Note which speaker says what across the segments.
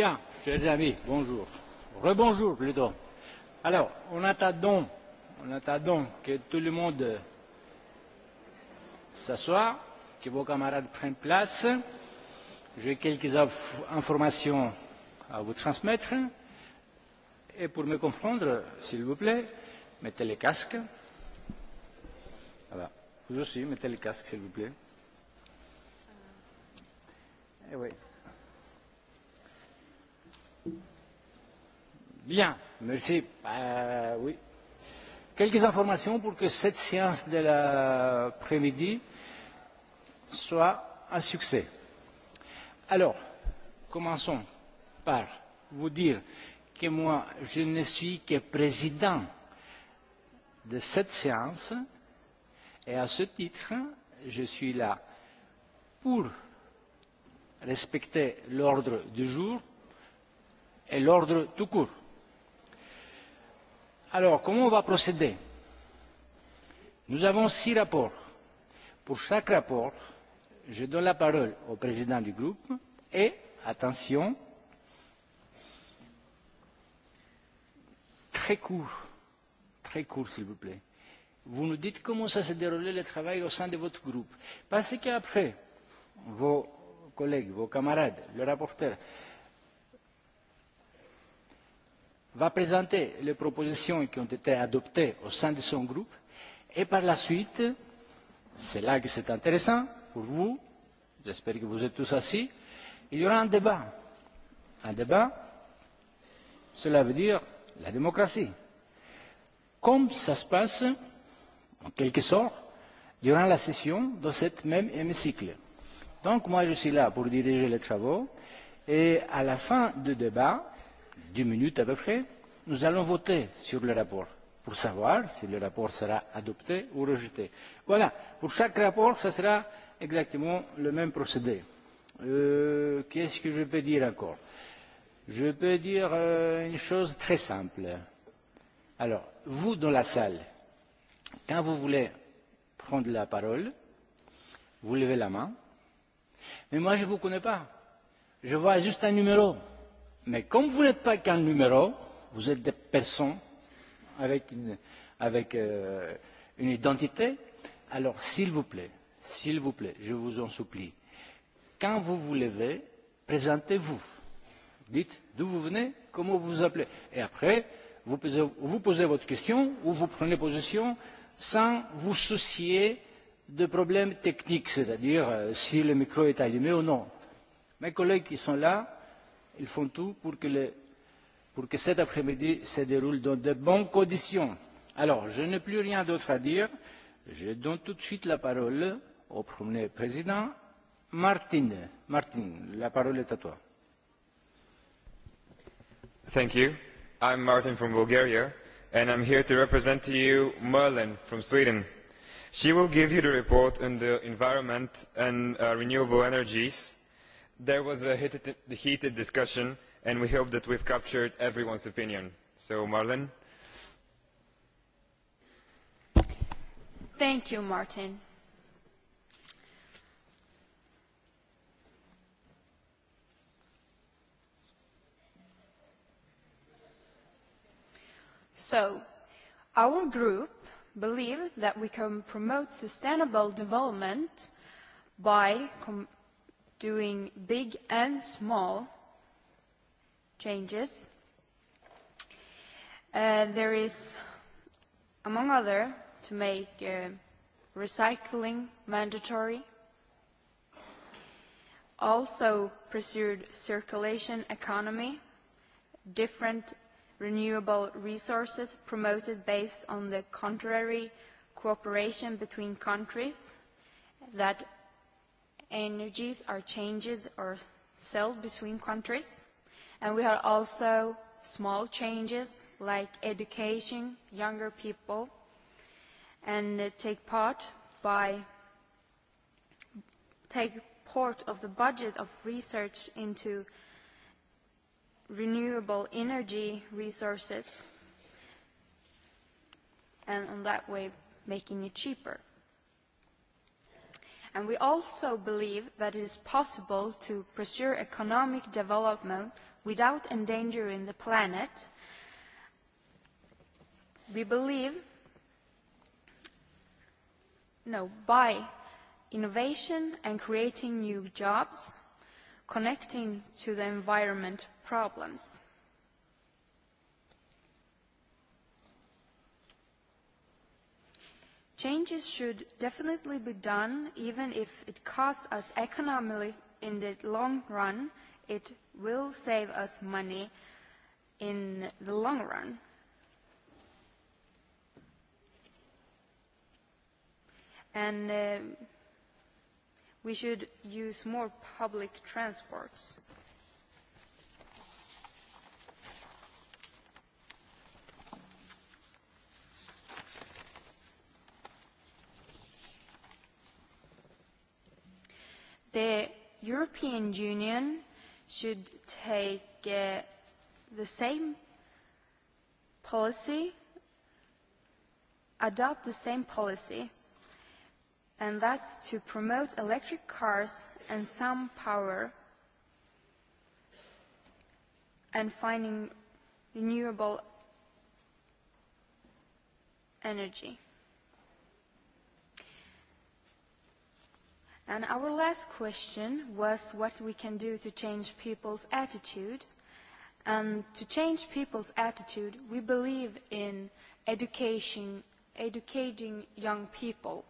Speaker 1: Bien, chers amis, bonjour. Rebonjour plutôt. Alors, on attendons on attendons que tout le monde s'assoie, que vos camarades prennent place. J'ai quelques informations à vous transmettre. Et pour me comprendre, s'il vous plaît, mettez les casques. Voilà. Vous aussi, mettez les casques, s'il vous plaît. Eh oui. Bien, merci. Euh, oui. Quelques informations pour que cette séance de l'après-midi soit un succès. Alors, commençons par vous dire que moi, je ne suis que président de cette séance et à ce titre, je suis là pour respecter l'ordre du jour et l'ordre tout court Alors, comment on va procéder Nous avons six rapports. Pour chaque rapport, je donne la parole au président du groupe et, attention, très court, très court s'il vous plaît. Vous nous dites comment ça s'est déroulé le travail au sein de votre groupe. Parce qu'après, vos collègues, vos camarades, le rapporteur, va présenter les propositions qui ont été adoptées au sein de son groupe et par la suite, c'est là que c'est intéressant pour vous, j'espère que vous êtes tous assis, il y aura un débat. Un débat, cela veut dire la démocratie. Comme ça se passe, en quelque sorte, durant la session dans ce même hémicycle. Donc moi je suis là pour diriger les travaux et à la fin du débat, deux minutes à peu près, nous allons voter sur le rapport pour savoir si le rapport sera adopté ou rejeté. Voilà, pour chaque rapport, ce sera exactement le même procédé. Euh, Qu'est-ce que je peux dire encore Je peux dire euh, une chose très simple. Alors, vous dans la salle, quand vous voulez prendre la parole, vous levez la main. Mais moi, je ne vous connais pas. Je vois juste un numéro. Mais comme vous n'êtes pas qu'un numéro, vous êtes des personnes avec une, avec, euh, une identité, alors s'il vous plaît, s'il vous plaît, je vous en supplie, quand vous vous levez, présentez-vous. Dites d'où vous venez, comment vous vous appelez. Et après, vous posez, vous posez votre question ou vous prenez position sans vous soucier de problèmes techniques, c'est-à-dire euh, si le micro est allumé ou non. Mes collègues qui sont là, Ils font tout pour que, le, pour que cet après-midi se déroule dans de bonnes conditions. Alors, je n'ai plus rien d'autre à dire. Je donne tout de suite la parole au premier président, Martin. Martin, la parole est à toi.
Speaker 2: Thank you. I'm Martin from Bulgaria, and I'm here to represent to you Merlin from Sweden. She will give you the report on the environment and uh, renewable energies there was a heated, discussion and we hope that we have captured everyone's opinion. so marlene?
Speaker 3: thank you martin. so our group believes that we can promote sustainable development by com- doing big and small changes. Uh, there is, among other, to make uh, recycling mandatory, also pursued circulation economy, different renewable resources promoted based on the contrary cooperation between countries that energies are changed or sold between countries. And we have also small changes like education, younger people, and take part by take part of the budget of research into renewable energy resources and in that way making it cheaper. And we also believe that it is possible to pursue economic development without endangering the planet. We believe, no, by innovation and creating new jobs, connecting to the environment problems. Changes should definitely be done, even if it costs us economically in the long run. It will save us money in the long run. And uh, we should use more public transports. the European Union should take uh, the same policy, adopt the same policy, and that's to promote electric cars and some power and finding renewable energy. And our last question was what we can do to change people's attitude. And to change people's attitude, we believe in education, educating young people.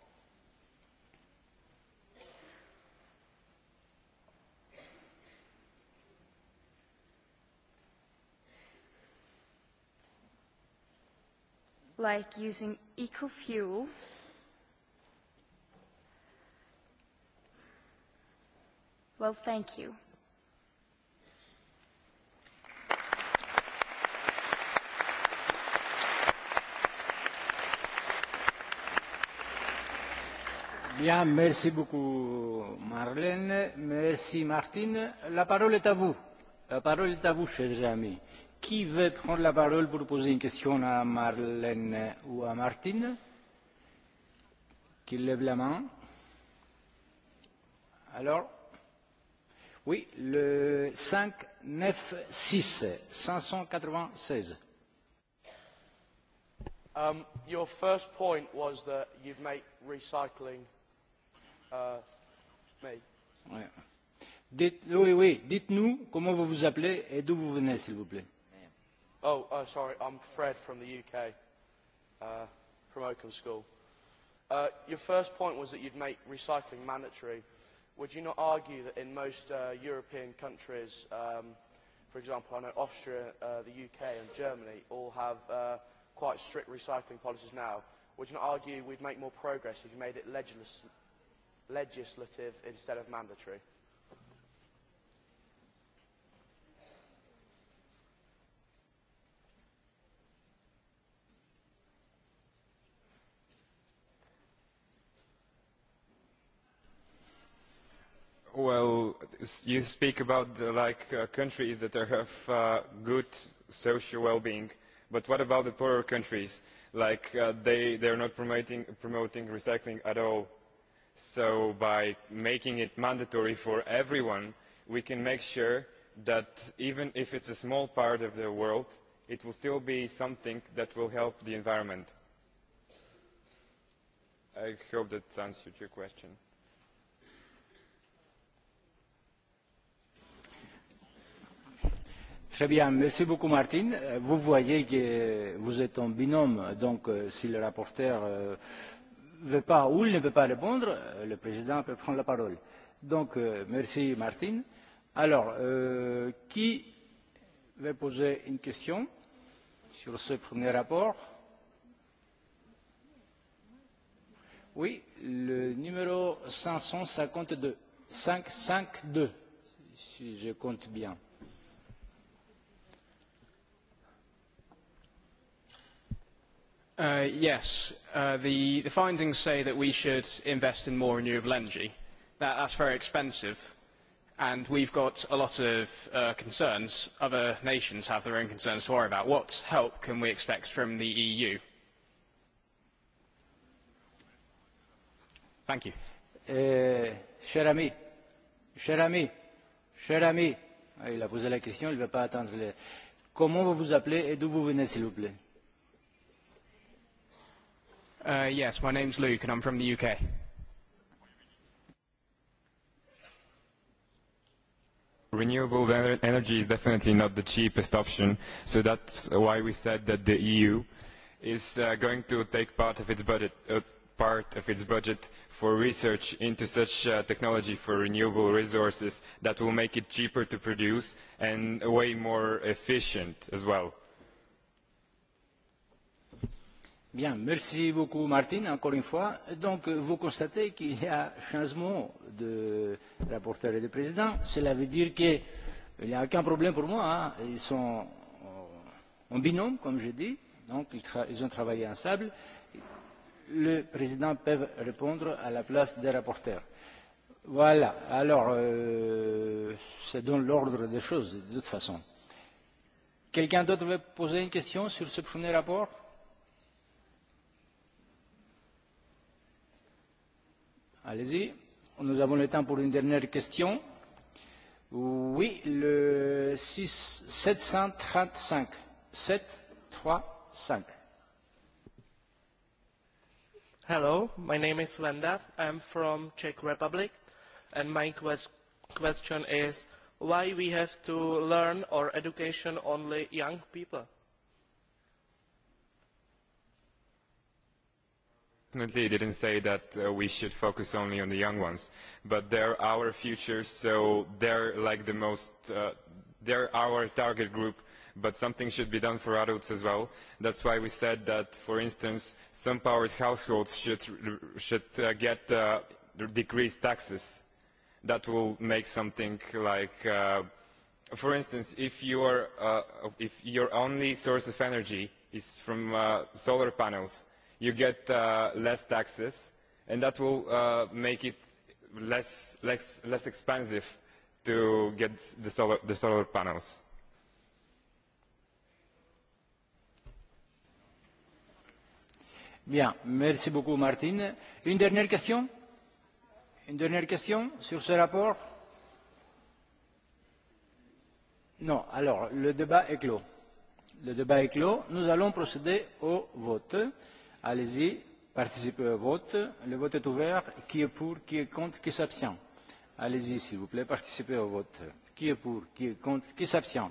Speaker 3: like using eco fuel Well, thank you.
Speaker 1: Bien, merci beaucoup Marlène, merci Martine. La parole est à vous. La parole est à vous, chers amis. Qui veut prendre la parole pour poser une question à Marlène ou à Martine Qui lève la main Alors Oui, le 5, 9, 6, 596.
Speaker 4: Um, your first point was that you'd make recycling uh, me.
Speaker 1: Ouais. Dites, oui, oui, dites-nous comment vous vous appelez et d'où vous venez, s'il vous plaît.
Speaker 4: Oh, uh, sorry, I'm Fred from the UK, uh, from Oakham School. Uh, your first point was that you'd make recycling mandatory would you not argue that in most uh, European countries, um, for example, I know Austria, uh, the UK and Germany all have uh, quite strict recycling policies now. Would you not argue we'd make more progress if you made it legis legislative instead of mandatory?
Speaker 2: Well, you speak about the, uh, like uh, countries that are, have uh, good social well-being, but what about the poorer countries? Like uh, they they are not promoting promoting recycling at all. So by making it mandatory for everyone, we can make sure that even if it's a small part of the world, it will still be something that will help the environment. I hope that answered your question.
Speaker 1: Très bien, merci beaucoup Martine. Euh, vous voyez que vous êtes en binôme, donc euh, si le rapporteur ne euh, veut pas ou il ne peut pas répondre, le président peut prendre la parole. Donc merci Martine. Alors, euh, qui veut poser une question sur ce premier rapport Oui, le numéro 552. 552, si je compte bien. Uh, yes. Uh, the,
Speaker 5: the findings say that we should invest in more renewable energy. That, that's very expensive, and we've got a lot of uh, concerns. Other nations have their own concerns to worry about. What help can we expect from the EU? Thank you.
Speaker 1: Uh, cher ami, cher ami, cher ami. Ah, il a posé la question, il ne va pas attendre. Le... Comment vous vous appelez et d'où vous venez, s'il vous plaît
Speaker 5: Uh, yes, my name's Luke and I'm from the UK.
Speaker 2: Renewable energy is definitely not the cheapest option, so that's why we said that the EU is uh, going to take part of its budget, uh, part of its budget for research into such uh, technology for renewable resources that will make it cheaper to produce and way more efficient as well.
Speaker 1: Bien, merci beaucoup Martine, encore une fois. Donc, vous constatez qu'il y a changement de rapporteur et de président. Cela veut dire qu'il n'y a aucun problème pour moi. Hein. Ils sont en binôme, comme je dis. Donc, ils, ils ont travaillé ensemble. Le président peut répondre à la place des rapporteurs. Voilà. Alors, euh, c'est dans l'ordre des choses, de toute façon. Quelqu'un d'autre veut poser une question sur ce premier rapport Allez-y. Nous avons le temps pour une dernière question. Oui, le 6, 735.
Speaker 6: 7, 3, 5. Hello, my name is Venda. I'm from Czech Republic, and my quest
Speaker 7: question is why we have to learn our education only young people?
Speaker 2: definitely didn't say that uh, we should focus only on the young ones, but they're our future, so they're like the most, uh, they're our target group, but something should be done for adults as well. That's why we said that, for instance, some powered households should, should uh, get uh, decreased taxes. That will make something like, uh, for instance, if, you are, uh, if your only source of energy is from uh, solar panels, you get uh, less taxes, and that will uh, make it less, less, less expensive to get the solar, the solar panels.
Speaker 1: Bien, merci beaucoup Martine. Une dernière question Une dernière question sur ce rapport Non, alors le débat est clos. Le débat est clos. Nous allons procéder au vote. Allez-y, participez au vote. Le vote est ouvert. Qui est pour Qui est contre Qui s'abstient Allez-y, s'il vous plaît, participez au vote. Qui est pour Qui est contre Qui s'abstient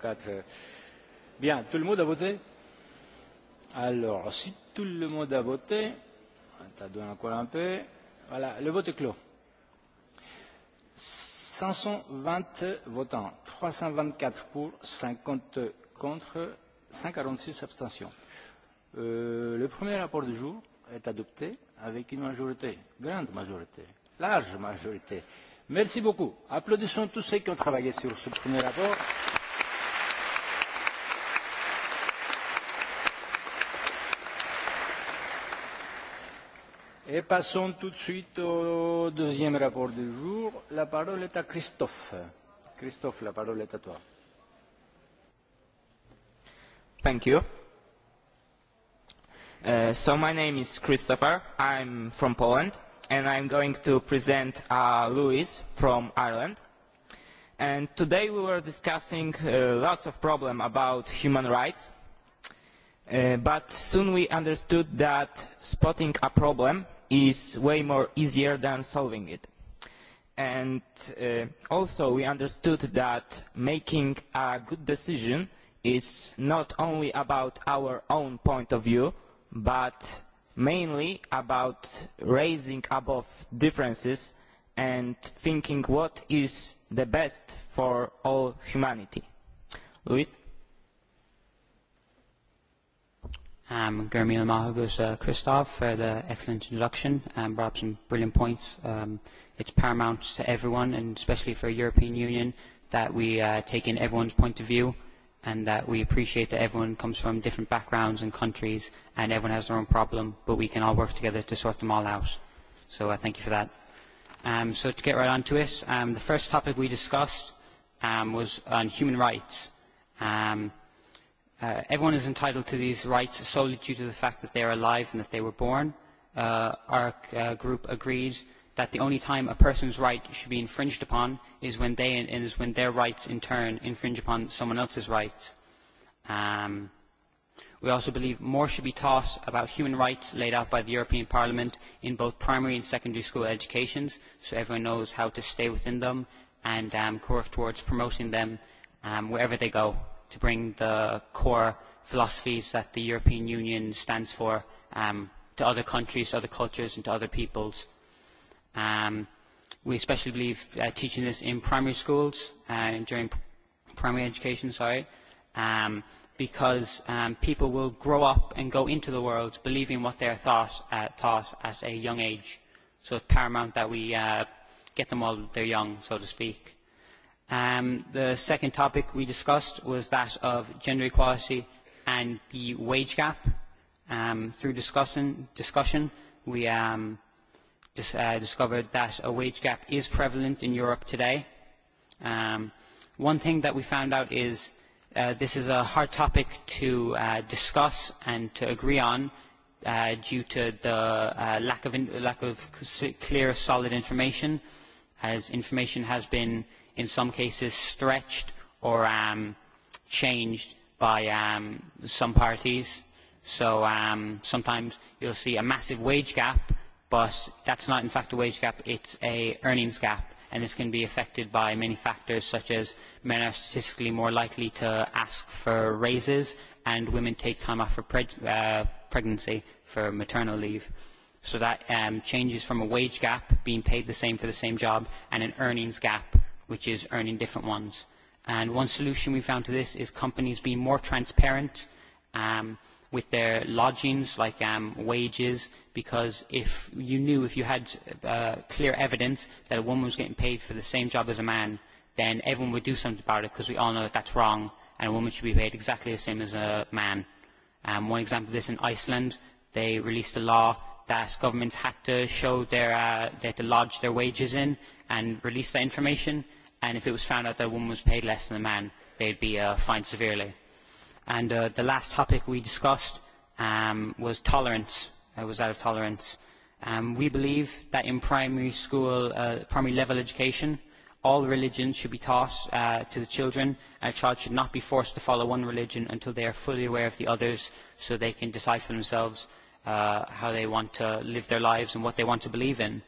Speaker 1: quatre Bien, tout le monde a voté Alors, si tout le monde a voté, ça donne encore un peu. Voilà, le vote est clos. 520 votants, 324 pour, 50 contre, 146 abstentions. Euh, le premier rapport du jour est adopté avec une majorité, grande majorité, large majorité. Merci beaucoup. Applaudissons tous ceux qui ont travaillé sur ce premier rapport. Et passons tout de suite au deuxième rapport du jour. La parole est à Christophe. Christophe, la parole est à toi.
Speaker 8: Thank you.
Speaker 6: Uh, so my name is Christopher. I'm from Poland, and I'm going to present uh, Louis from Ireland. And today we were discussing uh, lots of problems about human rights, uh, but soon we understood that spotting a problem is way more easier than solving it. And uh, also we understood that making a good decision is not only about our own point of view, but mainly about raising above differences and thinking what is the best for all humanity.
Speaker 9: Luis? um, Gurmil Mahagus uh, Christoph for the excellent introduction and um, brought up some brilliant points. Um, it's paramount to everyone, and especially for European Union, that we uh, take in everyone's point of view and that we appreciate that everyone comes from different backgrounds and countries and everyone has their own problem, but we can all work together to sort them all out. So uh, thank you for that. Um, so to get right on to it, um, the first topic we discussed um, was on human rights. Um, uh, everyone is entitled to these rights solely due to the fact that they are alive and that they were born. Uh, our uh, group agreed that the only time a person's right should be infringed upon is when, they, is when their rights in turn infringe upon someone else's rights. Um, we also believe more should be taught about human rights laid out by the European Parliament in both primary and secondary school educations so everyone knows how to stay within them and um, work towards promoting them um, wherever they go to bring the core philosophies that the European Union stands for um, to other countries, to other cultures and to other peoples. Um, we especially believe uh, teaching this in primary schools, uh, during primary education, sorry, um, because um, people will grow up and go into the world believing what they are thought, uh, taught at a young age. So it's paramount that we uh, get them while they're young, so to speak. Um, the second topic we discussed was that of gender equality and the wage gap. Um, through discussion, discussion we um, dis uh, discovered that a wage gap is prevalent in Europe today. Um, one thing that we found out is uh, this is a hard topic to uh, discuss and to agree on uh, due to the uh, lack of, in lack of clear, solid information, as information has been in some cases stretched or um, changed by um, some parties. So um, sometimes you'll see a massive wage gap, but that's not in fact a wage gap, it's a earnings gap. And this can be affected by many factors such as men are statistically more likely to ask for raises and women take time off for preg uh, pregnancy for maternal leave. So that um, changes from a wage gap, being paid the same for the same job, and an earnings gap, which is earning different ones. And one solution we found to this is companies being more transparent um, with their lodgings, like um, wages, because if you knew, if you had uh, clear evidence that a woman was getting paid for the same job as a man, then everyone would do something about it because we all know that that's wrong and a woman should be paid exactly the same as a man. Um, one example of this in Iceland, they released a law that governments had to show their, uh, they had to lodge their wages in and release that information and if it was found out that a woman was paid less than a man, they'd be uh, fined severely. And uh, the last topic we discussed um, was tolerance, It was out of tolerance. Um, we believe that in primary school, uh, primary level education, all religions should be taught uh, to the children, and a child should not be forced to follow one religion until they are fully aware of the others so they can decide for themselves uh, how they want to live their lives and what they want to believe in.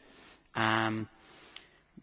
Speaker 9: Um,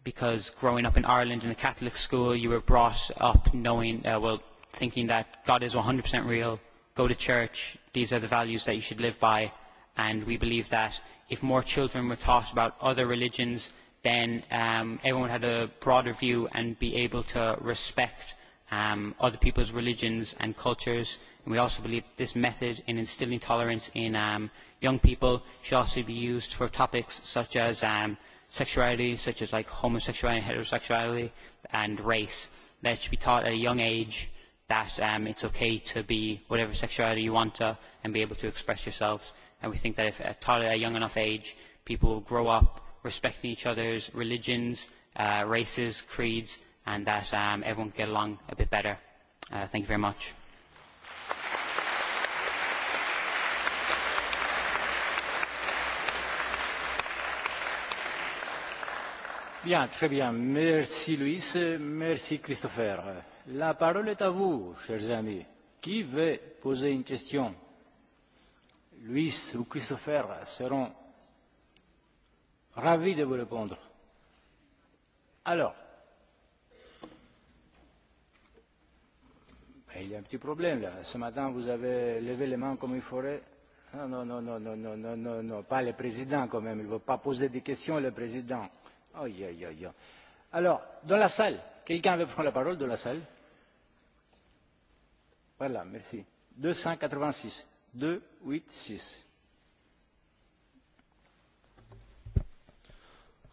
Speaker 9: because growing up in Ireland in a Catholic school, you were brought up knowing, uh, well, thinking that God is 100% real, go to church, these are the values that you should live by. And we believe that if more children were taught about other religions, then um, everyone had a broader view and be able to respect um, other people's religions and cultures. And we also believe that this method in instilling tolerance in um, young people should also be used for topics such as um, sexuality, such as like homosexuality, heterosexuality, and race. That should be taught at a young age that um, it's okay to be whatever sexuality you want to and be able to express yourselves. And we think that if uh, taught at a young enough age, people will grow up respecting each other's religions, uh, races, creeds, and that um, everyone can get along a bit better. Uh, thank you very much.
Speaker 1: Bien, très bien. Merci Luis, merci Christopher. La parole est à vous, chers amis. Qui veut poser une question Luis ou Christopher seront ravis de vous répondre. Alors, il y a un petit problème là. Ce matin, vous avez levé les mains comme il faudrait. Ah, non, non, non, non, non, non, non, non, non, pas le président quand même. Il ne veut pas poser des questions, le président. Aïe, aïe, aïe. Alors, dans la salle, quelqu'un veut prendre la parole de la salle Voilà, merci. 286. 286.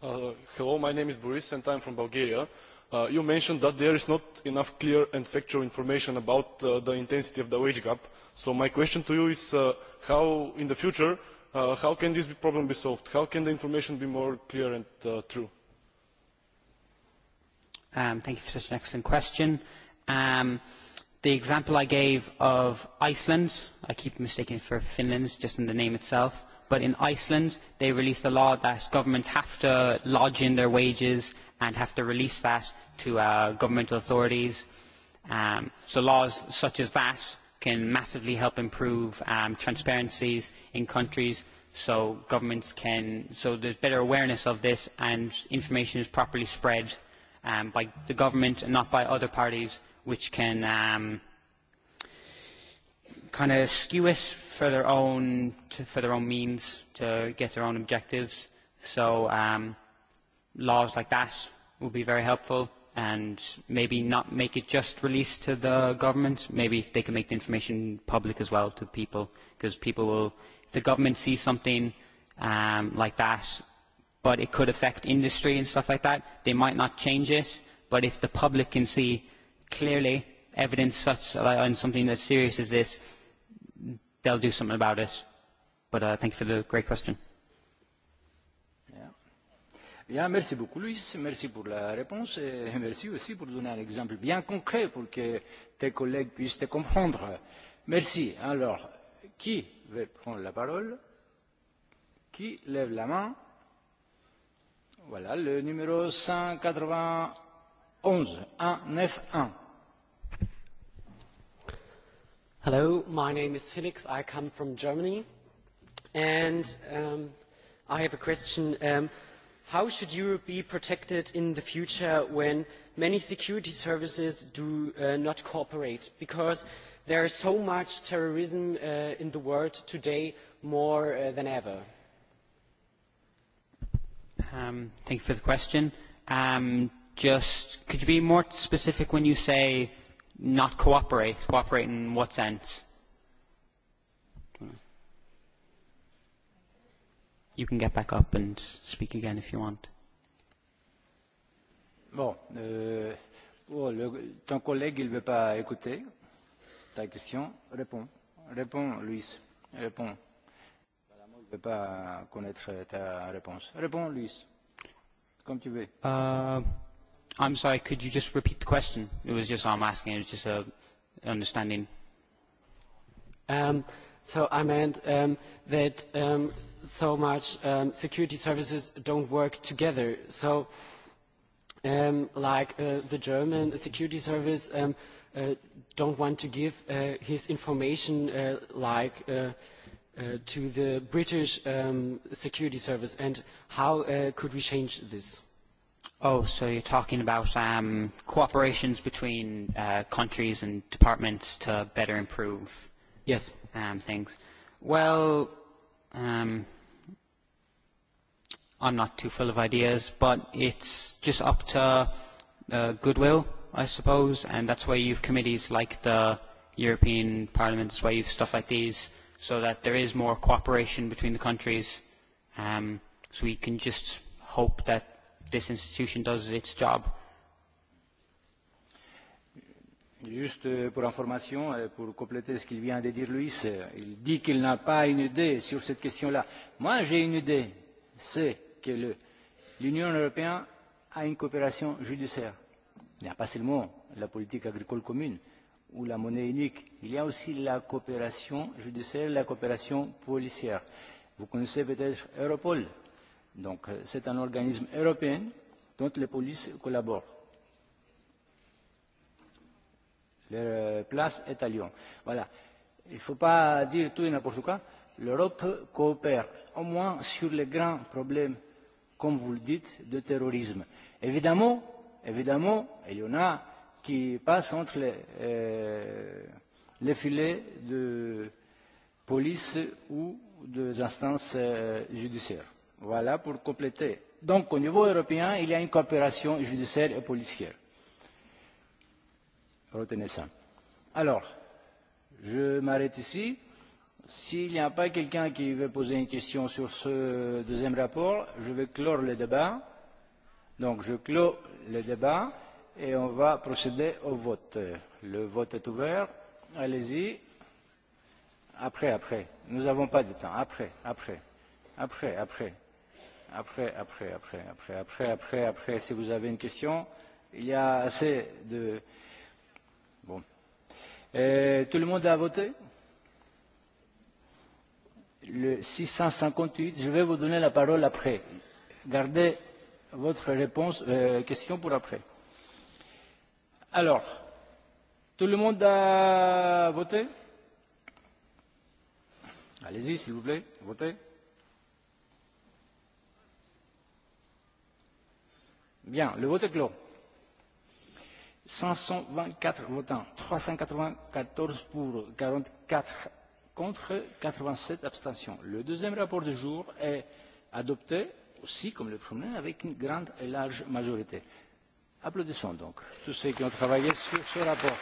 Speaker 10: Uh, hello, my name is Boris and I'm from Bulgaria. Uh, you mentioned that there is not enough clear and factual information about uh, the intensity of the wage gap. So my question to you is uh, how, in the future, uh, how can this problem be solved? How can the information be more clear and uh, true?
Speaker 9: Um, thank you for such an excellent question. Um, the example I gave of Iceland, I keep mistaking it for Finland, just in the name itself, but in Iceland, they released a law that governments have to lodge in their wages and have to release that to uh, governmental authorities. Um, so laws such as that can massively help improve um, transparencies in countries so governments can, so there's better awareness of this and information is properly spread um, by the government and not by other parties which can um, kind of skew it for their own to, for their own means to get their own objectives. So um, laws like that would be very helpful, and maybe not make it just released to the government. Maybe if they can make the information public as well to people, because people will. If the government sees something um, like that, but it could affect industry and stuff like that. They might not change it, but if the public can see clearly evidence such like, on something as serious as this, they'll do something about it. But uh, thank you for the great question.
Speaker 1: Bien, merci beaucoup, Luis. Merci pour la réponse et merci aussi pour donner un exemple bien concret pour que tes collègues puissent te comprendre. Merci. Alors, qui veut prendre la parole Qui lève la main Voilà, le numéro 191,
Speaker 7: Hello, my name is Felix. I come from Germany.
Speaker 9: And um, I have a question. Um, how should Europe be protected in the future when many security services do uh, not cooperate? Because there is so much terrorism uh, in the world today, more
Speaker 7: uh, than ever.
Speaker 9: Um, thank you for the question. Um, just could you be more specific when you say not cooperate? Cooperate in what sense? You can get back up and speak again if you want.
Speaker 1: Bon, euh, oh, le, ton collègue, il veut pas écouter ta question. Réponds. Réponds, Luis. Réponds peux pas connaître ta réponse. Réponds, Luis, comme tu veux.
Speaker 9: Uh, I'm sorry, could you just repeat the question? It was just I'm asking, it was just an understanding. Um, so I meant um, that um, so much um, security services don't work together. So, um, like uh, the German security service um, uh, don't want to give uh, his information uh, like. Uh, uh, to the British um, security service and how uh, could we change this? Oh, so you're talking about um, cooperations between uh, countries and departments to better improve yes. um, things. Well, um, I'm not too full of ideas, but it's just up to uh, goodwill, I suppose, and that's why you have committees like the European Parliament, that's why you have stuff like these so that there is more cooperation between the countries. Um, so we can just hope that this institution does its job.
Speaker 1: Juste uh, pour information, uh, pour compléter ce qu'il vient de dire Luis, euh, il dit qu'il n'a pas une idée sur cette question-là. Moi, j'ai une idée, c'est que l'Union européenne a une coopération judiciaire. Il n'y a pas seulement la politique agricole commune, ou la monnaie unique. Il y a aussi la coopération judiciaire, la coopération policière. Vous connaissez peut-être Europol. Donc euh, c'est un organisme européen dont les polices collaborent. Leur euh, place est à Lyon. Voilà. Il ne faut pas dire tout et n'importe quoi. L'Europe coopère, au moins sur les grands problèmes, comme vous le dites, de terrorisme. Évidemment, évidemment, il y en a qui passe entre les, euh, les filets de police ou des instances euh, judiciaires. Voilà pour compléter. Donc au niveau européen, il y a une coopération judiciaire et policière. Retenez ça. Alors, je m'arrête ici. S'il n'y a pas quelqu'un qui veut poser une question sur ce deuxième rapport, je vais clore le débat. Donc je clôt le débat et on va procéder au vote. Le vote est ouvert. Allez-y. Après, après. Nous n'avons pas de temps. Après, après. Après, après. Après, après, après, après, après, après, après. Si vous avez une question, il y a assez de... Bon. Et euh, tout le monde a voté Le 658, je vais vous donner la parole après. Gardez votre réponse, euh, question pour après. Alors, tout le monde a voté Allez-y, s'il vous plaît, votez. Bien, le vote est clos. 524 votants, 394 pour, 44 contre, 87 abstentions. Le deuxième rapport du jour est adopté aussi comme le premier avec une grande et large majorité. Applaudissons donc tous ceux qui ont travaillé sur ce rapport.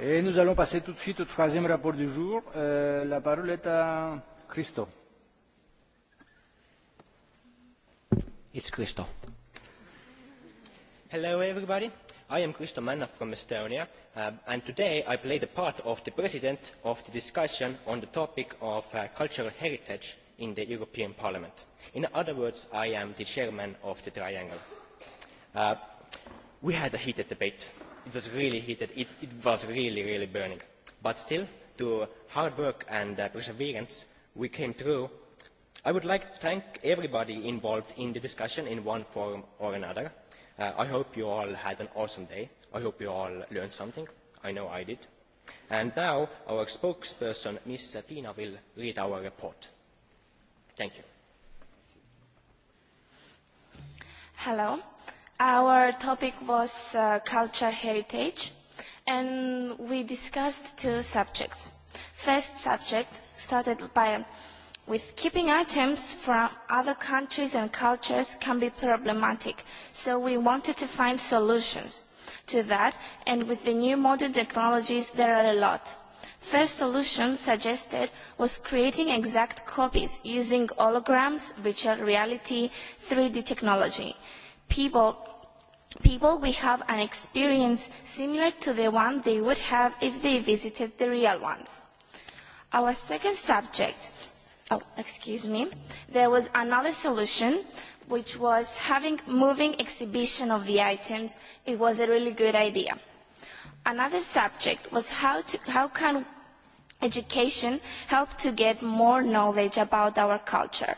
Speaker 1: Et nous allons passer tout de suite au troisième rapport du jour. Euh, la parole est à Christo.
Speaker 6: It's Christo. Hello everybody. I am Christo Manna from Estonia uh, and today I play the part of the president of the discussion on the topic of uh, cultural heritage in the european parliament. in other words i am the chairman of the triangle. Uh, we had a heated debate. it was really heated. it, it was really, really burning. but still, through hard work and uh, perseverance, we came through. i would like to thank everybody involved in the discussion in one form or another. Uh, i hope you all had an awesome day. i hope you all learned something. i know i did. and now our spokesperson, ms. tina, will read our report. Thank you.
Speaker 11: Hello. Our topic was uh, culture heritage, and we discussed two subjects. First subject started by with keeping items from other countries and cultures can be problematic, so we wanted to find solutions to that, and with the new modern technologies, there are a lot First solution suggested was creating exact copies using holograms, virtual reality, 3D technology. People People will have an experience similar to the one they would have if they visited the real ones. Our second subject, oh, excuse me, there was another solution, which was having moving exhibition of the items. It was a really good idea. Another subject was how, to, how can education help to get more knowledge about our culture.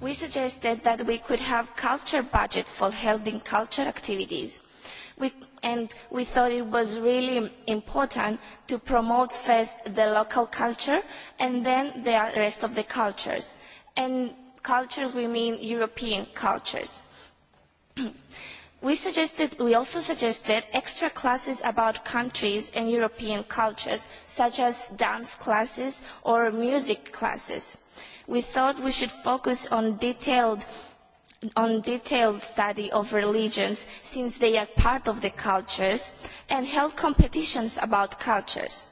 Speaker 11: We suggested that we could have culture budget for holding culture activities. We, and we thought it was really important to promote first the local culture and then the rest of the cultures. And cultures, we mean European cultures. We, suggested, we also suggested extra classes about countries and European cultures, such as dance classes or music classes. We thought we should focus on detailed on detailed study of religions since they are part of the cultures and held competitions about cultures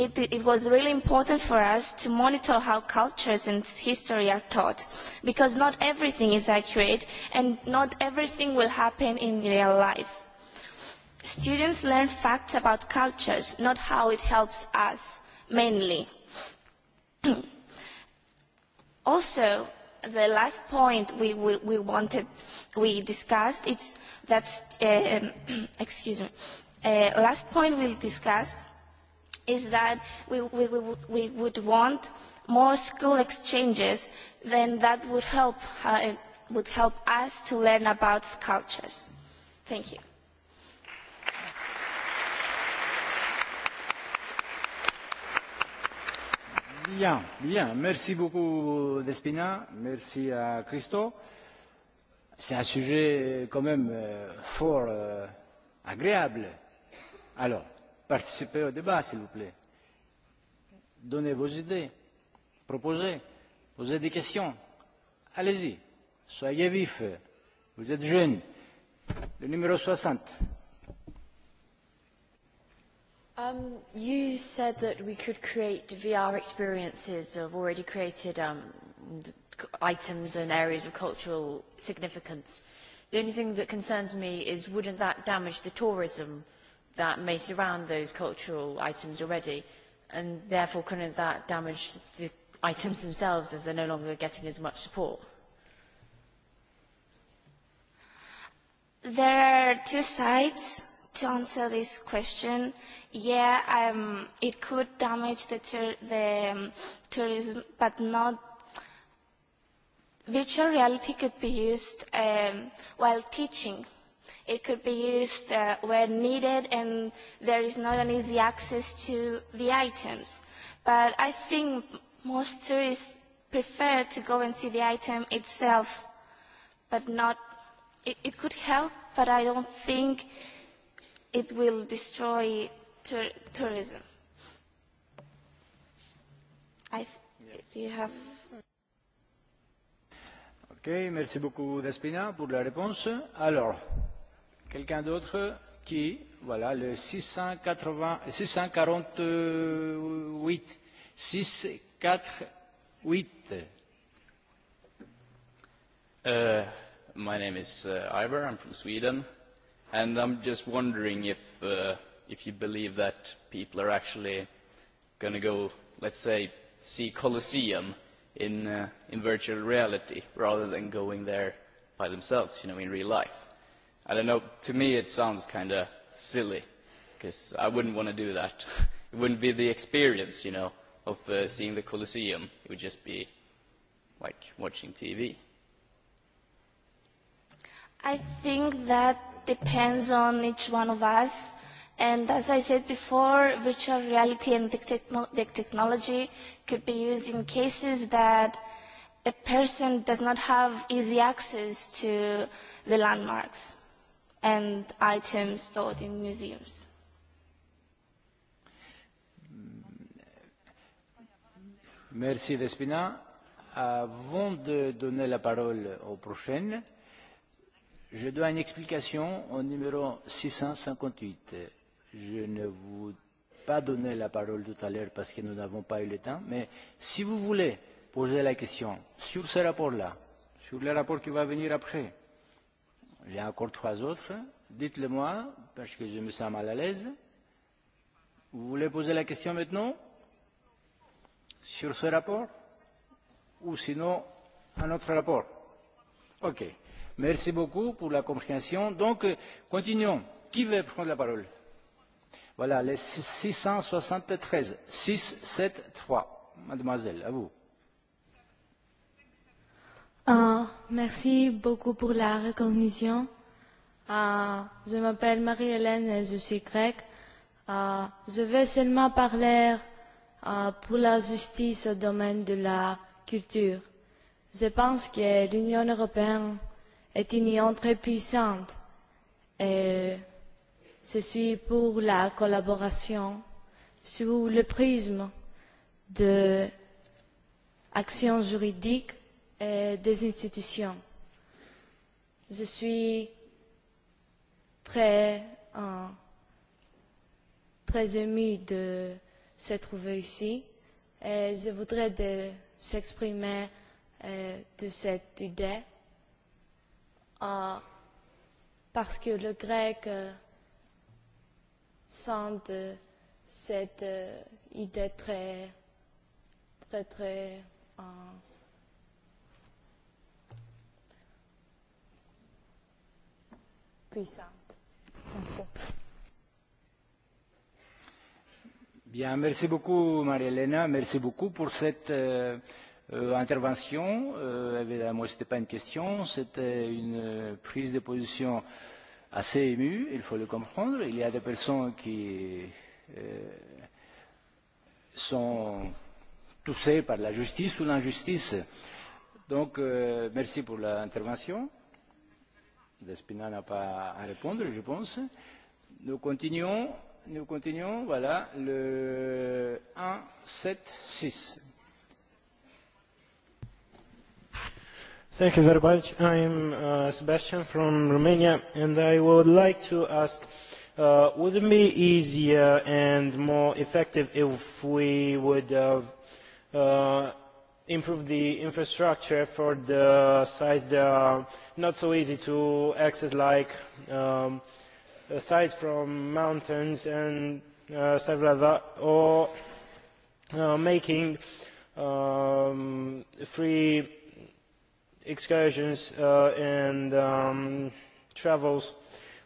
Speaker 11: it, it was really important for us to monitor how cultures and history are taught because not everything is accurate and not everything will happen in real life. Students learn facts about cultures, not how it helps us mainly. also, the last point we, we, we wanted, we discussed, it's that, uh, excuse me, uh, last point we discussed is that we, we, we would want more school exchanges, then that would help, uh, would help us to learn about cultures. Thank you.
Speaker 1: Bien, bien. Merci beaucoup, Despina. Merci à Christo. C'est un sujet quand même euh, fort euh, agréable. Alors, Participez au débat, s'il vous plaît. Donnez vos idées, proposez, posez des questions. Allez-y, soyez vifs. Vous êtes jeunes. Le numéro 60.
Speaker 12: Um, you said that we could create VR experiences of already created um, items and areas of cultural significance. The only thing that concerns me is wouldn't that damage the tourism that may surround those cultural items already and therefore couldn't that damage the items themselves as they're no longer getting as much support?
Speaker 11: There are two sides to answer this question. Yeah, um, it could damage the, tur the um, tourism, but not. Virtual reality could be used um, while teaching It could be used uh, where needed and there is not an easy access to the items. But I think most tourists prefer to go and see the item itself, but not, it, it could help, but I don't think it will destroy tur tourism. I th do you have...
Speaker 1: Ok, merci beaucoup Despina pour la réponse. Alors, Quelqu'un d'autre qui voilà le 680 648 648 uh, my name is
Speaker 5: uh, Ivar I'm from Sweden and I'm just wondering if uh, if you believe that people are actually going to go let's say see Colosseum in uh, in virtual reality rather than going there by themselves you know in real life i don't know, to me it sounds kind of silly, because I wouldn't want to do that. it wouldn't be the experience, you know, of uh, seeing the Colosseum. It would just be like watching TV.
Speaker 11: I think that depends on each one of us. And as I said before, virtual reality and the, techno the technology could be used in cases that a person does not have easy access to the landmarks and items stored in museums.
Speaker 1: Merci Despina. Avant de donner la parole aux prochaines, je dois une explication au numéro 658. Je ne vous pas donné la parole tout à l'heure parce que nous n'avons pas eu le temps, mais si vous voulez poser la question sur ce rapport-là, sur le rapport qui va venir après, Il y a encore trois autres. Dites-le moi, parce que je me sens mal à l'aise. Vous voulez poser la question maintenant Sur ce rapport Ou sinon, un autre rapport OK. Merci beaucoup pour la compréhension. Donc, continuons. Qui veut prendre la parole Voilà, les 673. 673. Mademoiselle, à vous.
Speaker 12: Ah, merci beaucoup pour la reconnaissance. Uh, je m'appelle Marie-Hélène et je suis grecque. Uh, je vais seulement parler uh, pour la justice au domaine de la culture. Je pense que l'Union européenne est une union très puissante et je suis pour la collaboration sous le prisme de actions juridiques Euh, des institutions. Je suis très, hein, euh, très émue de se trouver ici et je voudrais de s'exprimer euh, de cette idée euh, parce que le grec euh, sent cette euh, idée très très très euh, puissante. Merci.
Speaker 1: Bien, merci beaucoup Marie-Hélène, merci beaucoup pour cette euh, euh, intervention. Euh, évidemment, ce n'était pas une question, c'était une euh, prise de position assez émue, il faut le comprendre. Il y a des personnes qui euh, sont touchées par la justice ou l'injustice. Donc, euh, merci pour l'intervention. Despina n'a pas à répondre, je pense. Nous continuons. Nous continuons. Voilà le 1, 7, 6.
Speaker 2: Thank you very much. I'm uh, Sebastian from Romania, and I would like to ask, uh, would it be easier and more effective if we would have uh, improve the infrastructure for the sites that are not so easy to access, like um, sites from mountains and uh, stuff like that, or uh, making um, free excursions uh, and um, travels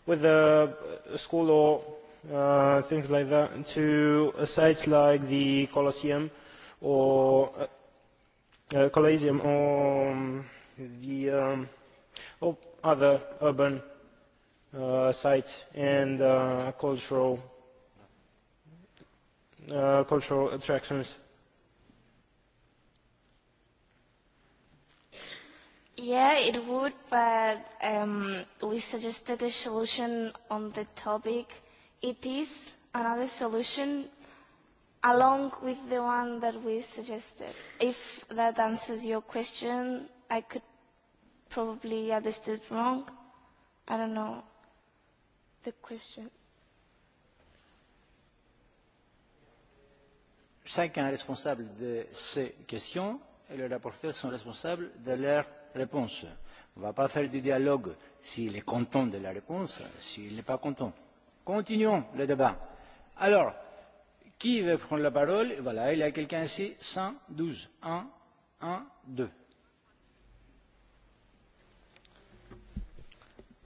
Speaker 2: with the school or uh, things like that to sites like the Colosseum or uh uh, e, Colosseum or the um, or other urban uh, sites and uh, cultural uh, cultural attractions.
Speaker 11: Yeah, it would, but um, we suggested a solution on the topic. It is another solution along with the one that we suggested. If that answers your question, I could probably understood wrong. I don't know the question.
Speaker 1: Chacun est responsable de ses questions et les rapporteurs sont responsables de leurs réponses. On ne va pas faire du dialogue s'il est content de la réponse, s'il n'est pas content. Continuons le débat. Alors, Qui veut prendre la parole Et Voilà, il y a quelqu'un ici. 112. 1, 1,
Speaker 6: 2.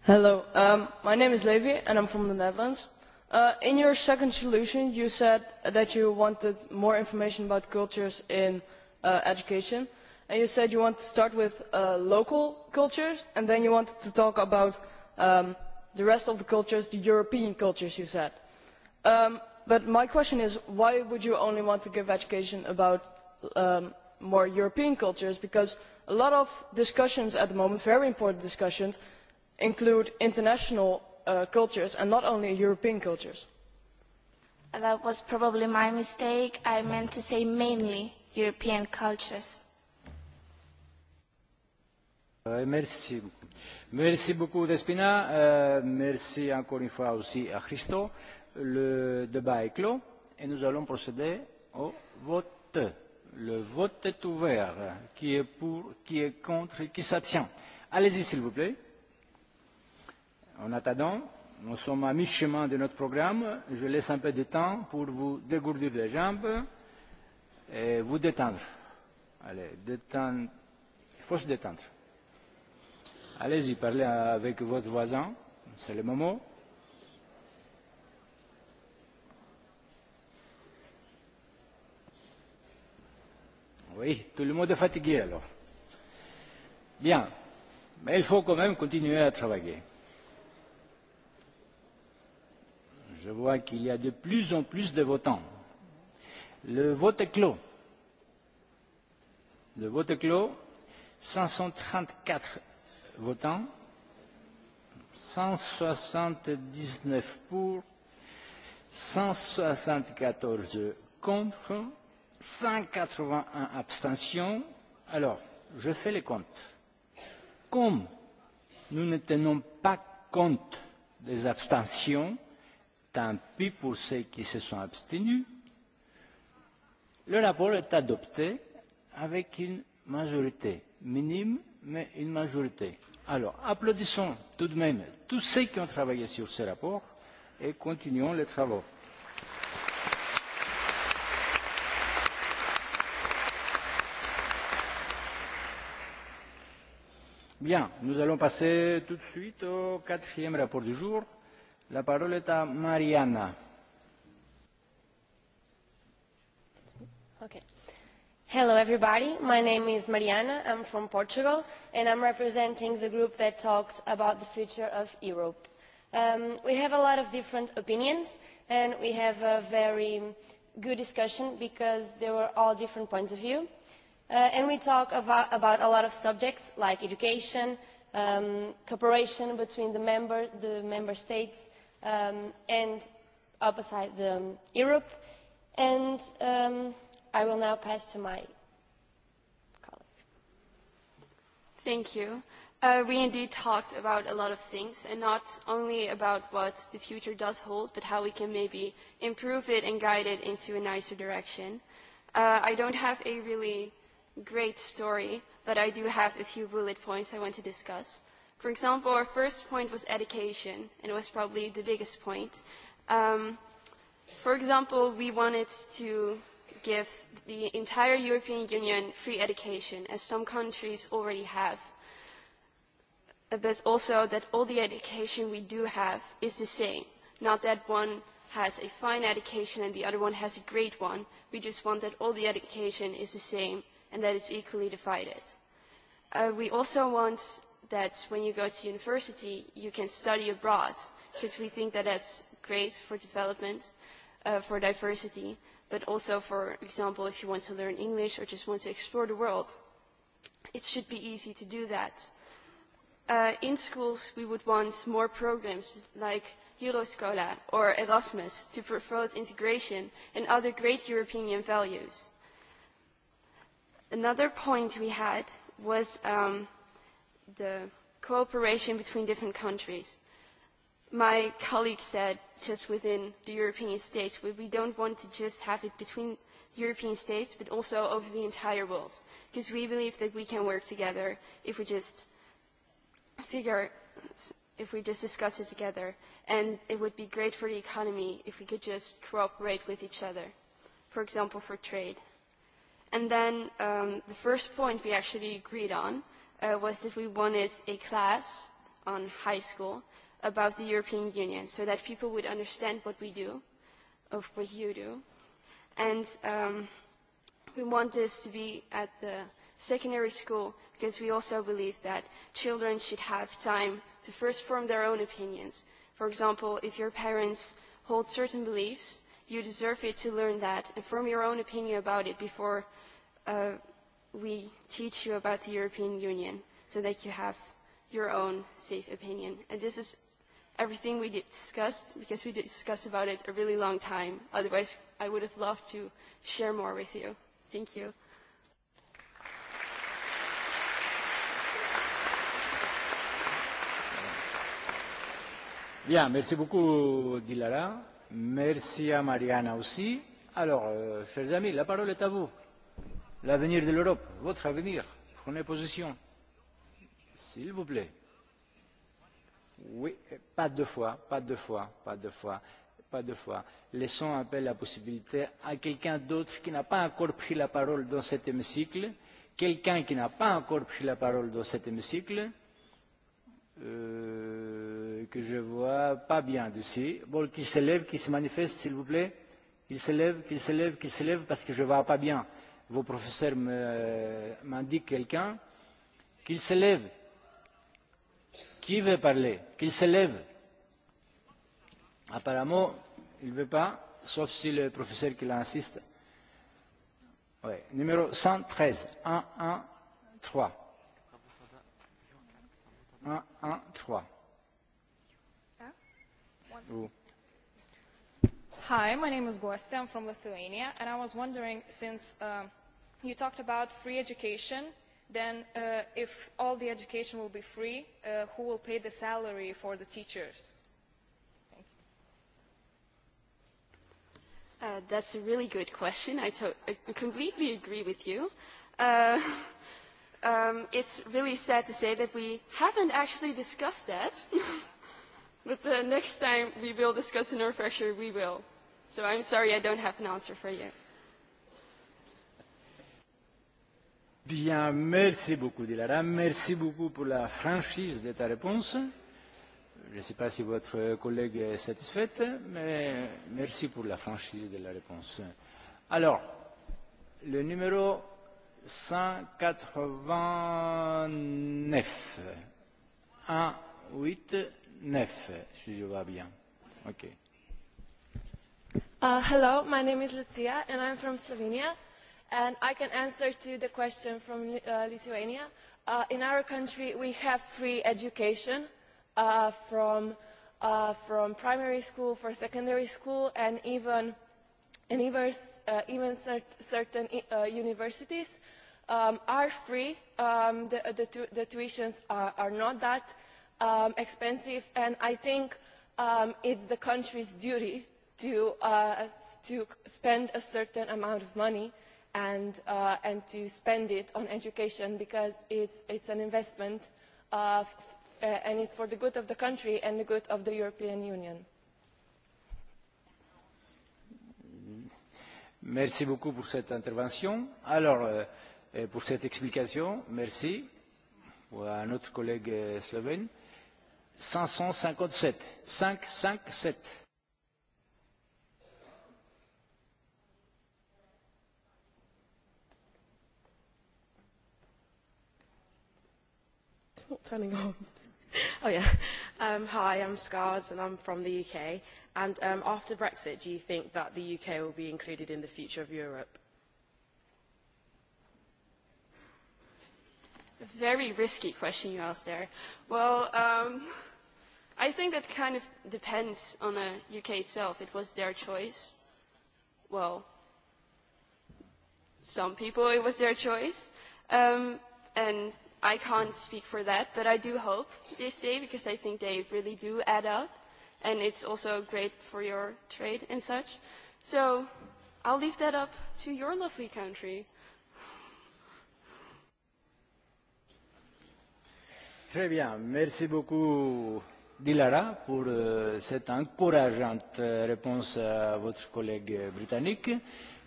Speaker 13: Hello, um, my name is Levi and I'm from the Netherlands. Uh, in your second solution, you said that you wanted more information about cultures in uh, education. And you said you want to start with uh, local cultures and then you wanted to talk about um, the rest of the cultures, the European cultures, you said. Um, But my question is, why would you only want to give education about um, more European cultures? Because a lot of discussions at the moment, very important discussions,
Speaker 10: include international uh, cultures and not only European cultures.
Speaker 11: That was probably my mistake. I meant to say mainly European cultures.
Speaker 1: Euh, merci. Merci beaucoup, Despina. Euh, merci encore une fois aussi à Christo le débat est clos et nous allons procéder au vote. Le vote est ouvert. Qui est pour, qui est contre et qui s'abstient Allez-y, s'il vous plaît. En attendant, nous sommes à mi-chemin de notre programme. Je laisse un peu de temps pour vous dégourdir les jambes et vous détendre. Allez, détendre. Il faut se détendre. Allez-y, parlez avec votre voisin. C'est le moment. Oui, tout le monde est fatigué alors. Bien, mais il faut quand même continuer à travailler. Je vois qu'il y a de plus en plus de votants. Le vote est clos. Le vote est clos. 534 votants, 179 pour, 174 contre, cent quatre vingt un abstentions. alors je fais les comptes. comme nous ne tenons pas compte des abstentions tant pis pour ceux qui se sont abstenus le rapport est adopté avec une majorité minime mais une majorité. alors applaudissons tout de même tous ceux qui ont travaillé sur ce rapport et continuons les travaux. nous allons passer tout de suite au quatrième rapport du jour. La parole est à Mariana.
Speaker 13: Okay. Hello everybody, my name is Mariana, I'm from Portugal and I'm representing the group that talked about the future of Europe. Um, we have a lot of different opinions and we have a very good discussion because there were all different points of view. Uh, and we talk about, about a lot of subjects like education, um, cooperation between the member, the member states um, and outside um, Europe. And I will now pass to my colleague. Thank you. Uh, we indeed talked about a lot of things, and not only about what the future does hold, but how we can maybe improve it and guide it into a nicer direction. i uh, I don't have a really great story, but I do have a few bullet points I want to discuss. For example, our first point was education, and it was probably the biggest point. Um, for example, we wanted to give the entire European Union free education, as some countries already have, uh, but also that all the education we do have is the same, not that one has a fine education and the other one has a great one. We just want that all the education is the same and that it's equally divided. Uh, we also want that when you go to university, you can study abroad, because we think that that's great for development, uh, for diversity, but also, for example, if you want to learn English or just want to explore the world, it should be easy to do that. Uh, in schools, we would want more programs like Euroscola or Erasmus to promote integration and other great European values Another point we had was um, the cooperation between different countries. My colleague said just within the European states, we, we don't want to just have it between the European states, but also over the entire world, because we believe that we can work together if we just figure, if we just discuss it together, and it would be great for the economy if we could just cooperate with each other, for example, for trade. And then um, the first point we actually agreed on uh, was that we wanted a class on high school about the European Union so that people would understand what we do, of what you do. And um, we want this to be at the secondary school because we also believe that children should have time to first form their own opinions. For example, if your parents hold certain beliefs, you deserve it to learn that and form your own opinion about it before uh, we teach you about the European Union so that you have your own safe opinion. And this is everything we discussed because we discussed about it a really long time. Otherwise, I would have loved to share more with you. Thank you.
Speaker 1: Bien, merci beaucoup, Dilara. Merci à Mariana aussi. Alors, euh, chers amis, la parole est à vous. L'avenir de l'Europe, votre avenir. Prenez position. S'il vous plaît. Oui, pas deux fois, pas deux fois, pas deux fois, pas deux fois. Laissons un peu la possibilité à quelqu'un d'autre qui n'a pas encore pris la parole dans cet hémicycle, quelqu'un qui n'a pas encore pris la parole dans cet hémicycle, euh, que je vois pas bien dessus. Bon, qu'il se lève, qu'il se manifeste, s'il vous plaît. Qu'il se lève, qu'il se lève, qu'il se lève, parce que je ne vois pas bien. Vos professeurs m'indiquent quelqu'un. Qu'il se lève. Qui veut parler Qu'il se lève. Apparemment, il ne veut pas, sauf si le professeur qui l'insiste. Ouais. Numéro 113. 1, 1, 3. 1, 1, 3.
Speaker 3: Hi, my name is Goeste. I'm from Lithuania, and I was wondering, since uh, you talked about free education, then uh, if all the education will be free, uh, who will pay the salary for the teachers?
Speaker 13: Uh, that's a really good question. I, to- I completely agree with you. Uh, um, it's really sad to say that we haven't actually discussed that. But the next time we will discuss an pressure, we will. So I'm sorry I don't have an answer for you.
Speaker 1: Bien, merci beaucoup Dilara, merci beaucoup pour la franchise de ta réponse. Je ne sais pas si votre collègue est satisfaite, mais merci pour la franchise de la réponse. Alors, le numéro 189, 1, 8, neuf, si je
Speaker 13: uh, hello, my name is Lucia and I am from Slovenia. And I can answer to the question from uh, Lithuania. Uh, in our country, we have free education from, primary school, for secondary school, and even, and even, uh, certain universities um, are free. Um, the, tuitions are not that um, expensive, and I think um, it's the country's duty to, uh, to spend a certain amount of money and, uh, and to spend it on education because it's, it's an investment uh, it and it's for the good of the country and the good of the European Union.
Speaker 1: Merci beaucoup pour cette intervention. Euh, pour cette explication, merci à notre collègue euh, slovène. 557. 557.
Speaker 10: It's not turning on. oh
Speaker 14: yeah. Um, hi, I'm Scards and I'm from the UK. And um, after Brexit, do you think that the UK will be included in the future of Europe?
Speaker 13: A very risky question you asked there. Well, um, I think that kind of depends on the UK itself. It was their choice. Well, some people it was their choice. Um, and I can't speak for that, but I do hope they stay because I think they really do add up. And it's also great for your trade and such. So I'll leave that up to your lovely country.
Speaker 1: Très bien, merci beaucoup Dilara pour euh, cette encourageante euh, réponse à votre collègue britannique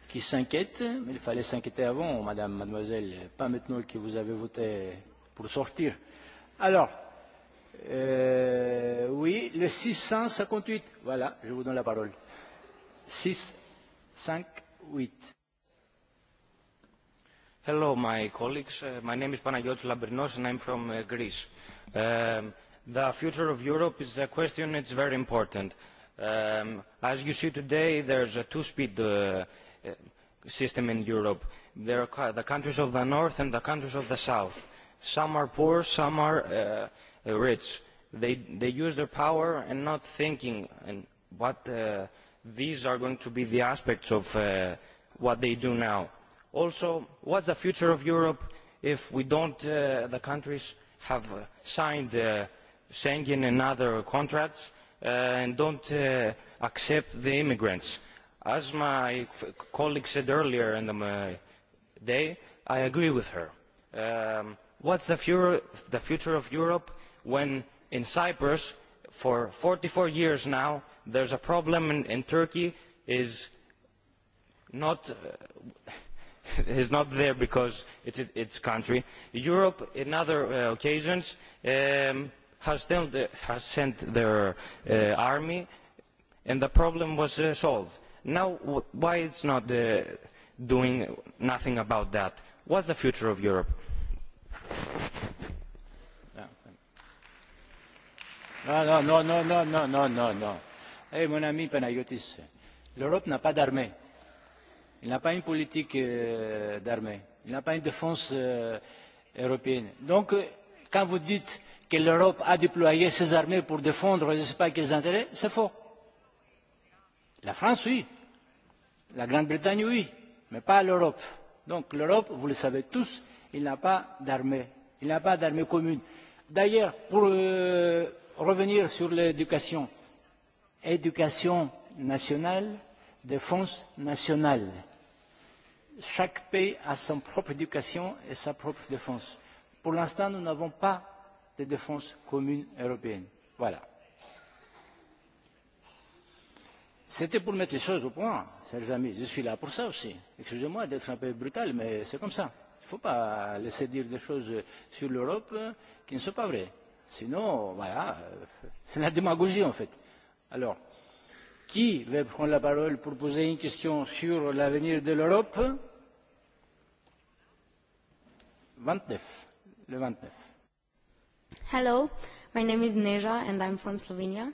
Speaker 1: qui s'inquiète. Il fallait s'inquiéter avant, madame, mademoiselle, pas maintenant que vous avez voté pour sortir. Alors, euh, oui, le 658. Voilà, je vous donne la parole.
Speaker 6: 658. Hello, my colleagues. Uh, my name is Panagiotis Labrinos and I'm from uh, Greece. uh, the future of Europe is a question is very important. Um, as you see today, there is a two-speed uh, uh, system in Europe. There are the countries of the north and the countries of the south. Some are poor, some are uh, uh rich. They, they use their power and not thinking and what uh, these are going to be the aspects of uh, what they do now. Also, what's the future of Europe if we don't, uh, the countries have uh, signed uh, Schengen and other contracts uh, and do not uh, accept the immigrants. As my colleague said earlier in the day, I agree with her. what um, what's the, the future of Europe when in Cyprus for forty four years now there's a problem in, Turkey uh, is not there because it's its country. Europe on other occasions um, has, has sent their uh, army, and the problem was uh, solved. Now, w why it's not uh, doing nothing about that? What is the future of Europe?
Speaker 1: mon ami Panayotis, l'Europe n'a pas d'armée. elle n'a pas une politique euh, d'armée. elle n'a pas une défense euh, européenne. Donc, euh, quand vous dites que l'Europe a déployé ses armées pour défendre je ne sais pas quels intérêts, c'est faux. La France, oui. La Grande-Bretagne, oui. Mais pas l'Europe. Donc l'Europe, vous le savez tous, il n'a pas d'armée. Il n'a pas d'armée commune. D'ailleurs, pour euh, revenir sur l'éducation, éducation nationale, défense nationale. Chaque pays a son propre éducation et sa propre défense. Pour l'instant, nous n'avons pas de défense commune européenne. Voilà. C'était pour mettre les choses au point, chers amis. Je suis là pour ça aussi. Excusez-moi d'être un peu brutal, mais c'est comme ça. Il ne faut pas laisser dire des choses sur l'Europe qui ne sont pas vraies. Sinon, voilà, c'est la démagogie en fait. Alors, qui veut prendre la parole pour poser une question sur l'avenir de l'Europe 29, le 29.
Speaker 12: Hello, my name is Neja and I'm from Slovenia.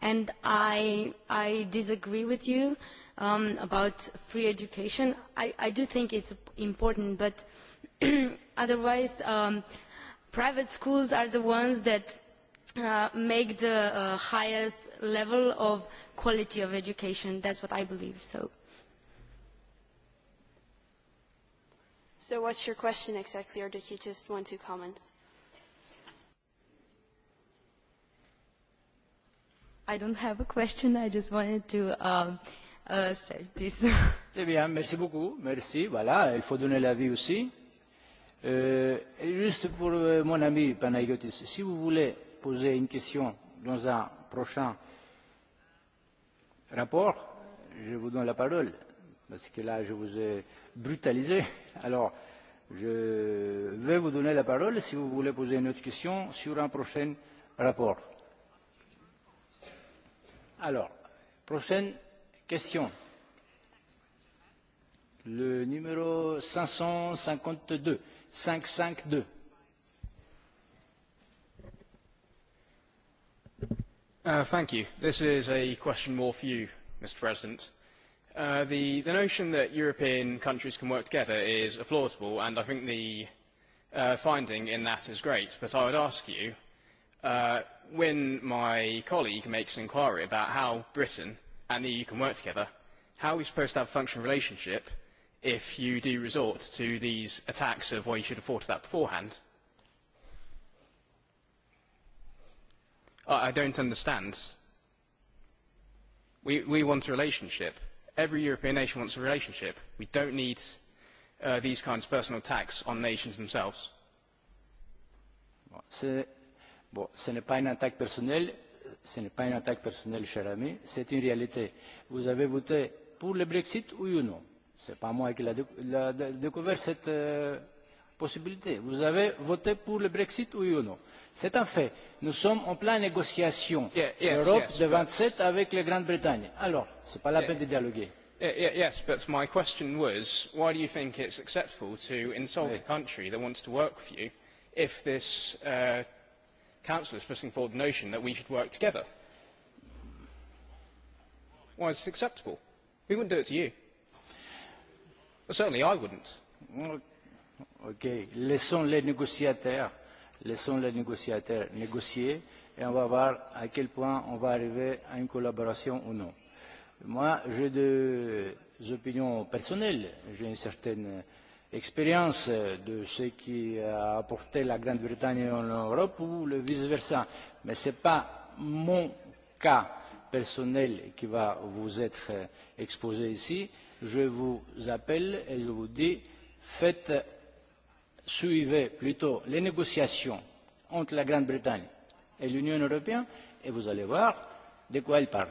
Speaker 12: And I, I disagree with you um, about free education. I, I do think it's important, but otherwise, um, private schools are the ones that uh, make the uh, highest level of quality of education. That's what I believe. So.
Speaker 13: So what's your question exactly, or did you just want to comment?
Speaker 12: I don't have a question. I just wanted to um, uh, say this.
Speaker 1: Très eh bien, merci beaucoup. Merci. Voilà, il faut donner l'avis aussi. Euh, et juste pour euh, mon ami Panayotis, si vous voulez poser une question dans un prochain rapport, je vous donne la parole parce que là, je vous ai brutalisé. Alors, je vais vous donner la parole si vous voulez poser une autre question sur un prochain rapport. Alors, prochaine question. Le numéro 552. 552.
Speaker 5: Uh, thank you. This is a question more for you, Mr. President. Uh, the, the notion that European countries can work together is applaudable, and I think the uh, finding in that is great. But I would ask you, uh, when my colleague makes an inquiry about how Britain and the EU can work together, how are we supposed to have a functional relationship if you do resort to these attacks of, well, you should have thought of that beforehand? I, I don't understand. We, we want a relationship. Every European nation wants a relationship. We don't need uh, these kinds of personal attacks on nations themselves.
Speaker 1: Right. So Bon, ce n'est pas une attaque personnelle, ce n'est pas une attaque personnelle, cher ami, c'est une réalité. Vous avez voté pour le Brexit, oui ou non Ce n'est pas moi qui l'ai découvert cette euh, possibilité. Vous avez voté pour le Brexit, oui ou non C'est un fait. Nous sommes en pleine négociation. Yeah, yes, L'Europe yes, de 27 but... avec la Grande-Bretagne. Alors, ce n'est pas la yeah. peine de dialoguer.
Speaker 5: Yes, but my question was, why do you think it's acceptable to insult a country that wants to work with you if this uh, council is putting forward the notion that we should work together. Why is this acceptable? We wouldn't do it to you.
Speaker 1: Well, certainly I wouldn't. OK. Laissons les négociateurs, laissons les négociateurs négocier et on va voir à quel point on va arriver à une collaboration ou non. Moi, j'ai des opinions personnelles, j'ai une certaine euh, expérience de ce qui a apporté la Grande-Bretagne en Europe ou le vice-versa. Mais ce n'est pas mon cas personnel qui va vous être exposé ici. Je vous appelle et je vous dis, faites, suivez plutôt les négociations entre la Grande-Bretagne et l'Union européenne et vous allez voir de quoi elle parle.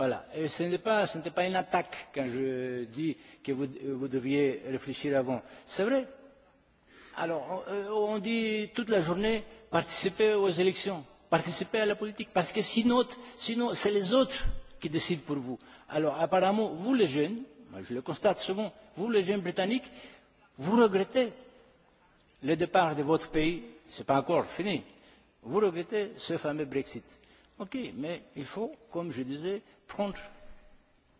Speaker 1: Voilà. Et ce n'était pas, ce pas une attaque quand je dis que vous, vous deviez réfléchir avant. C'est vrai. Alors, on, euh, on dit toute la journée, participez aux élections, participez à la politique, parce que sinon, sinon c'est les autres qui décident pour vous. Alors, apparemment, vous les jeunes, moi je le constate souvent, vous les jeunes britanniques, vous regrettez le départ de votre pays, ce n'est pas encore fini, vous regrettez ce fameux Brexit Ok, mais il faut, comme je disais, prendre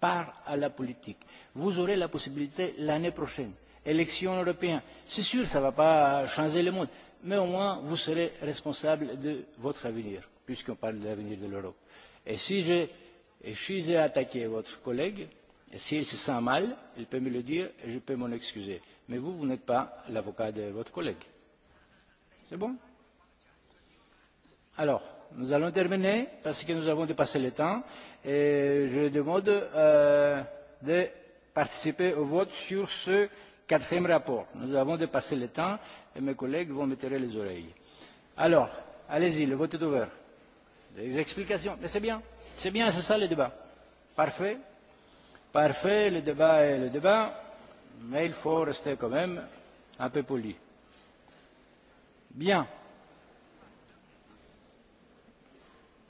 Speaker 1: part à la politique. Vous aurez la possibilité l'année prochaine, élection européenne. C'est sûr, ça ne va pas changer le monde, mais au moins vous serez responsable de votre avenir, puisqu'on parle de l'avenir de l'Europe. Et si j'ai si attaqué votre collègue, et s'il se sent mal, il peut me le dire et je peux m'en excuser. Mais vous, vous n'êtes pas l'avocat de votre collègue. C'est bon Alors, nous allons terminer parce que nous avons dépassé le temps et je demande euh, de participer au vote sur ce quatrième rapport. Nous avons dépassé le temps et mes collègues vont me tirer les oreilles. Alors, allez-y, le vote est ouvert. Des explications, mais c'est bien, c'est bien, c'est ça le débat. Parfait, parfait, le débat est le débat, mais il faut rester quand même un peu poli. Bien.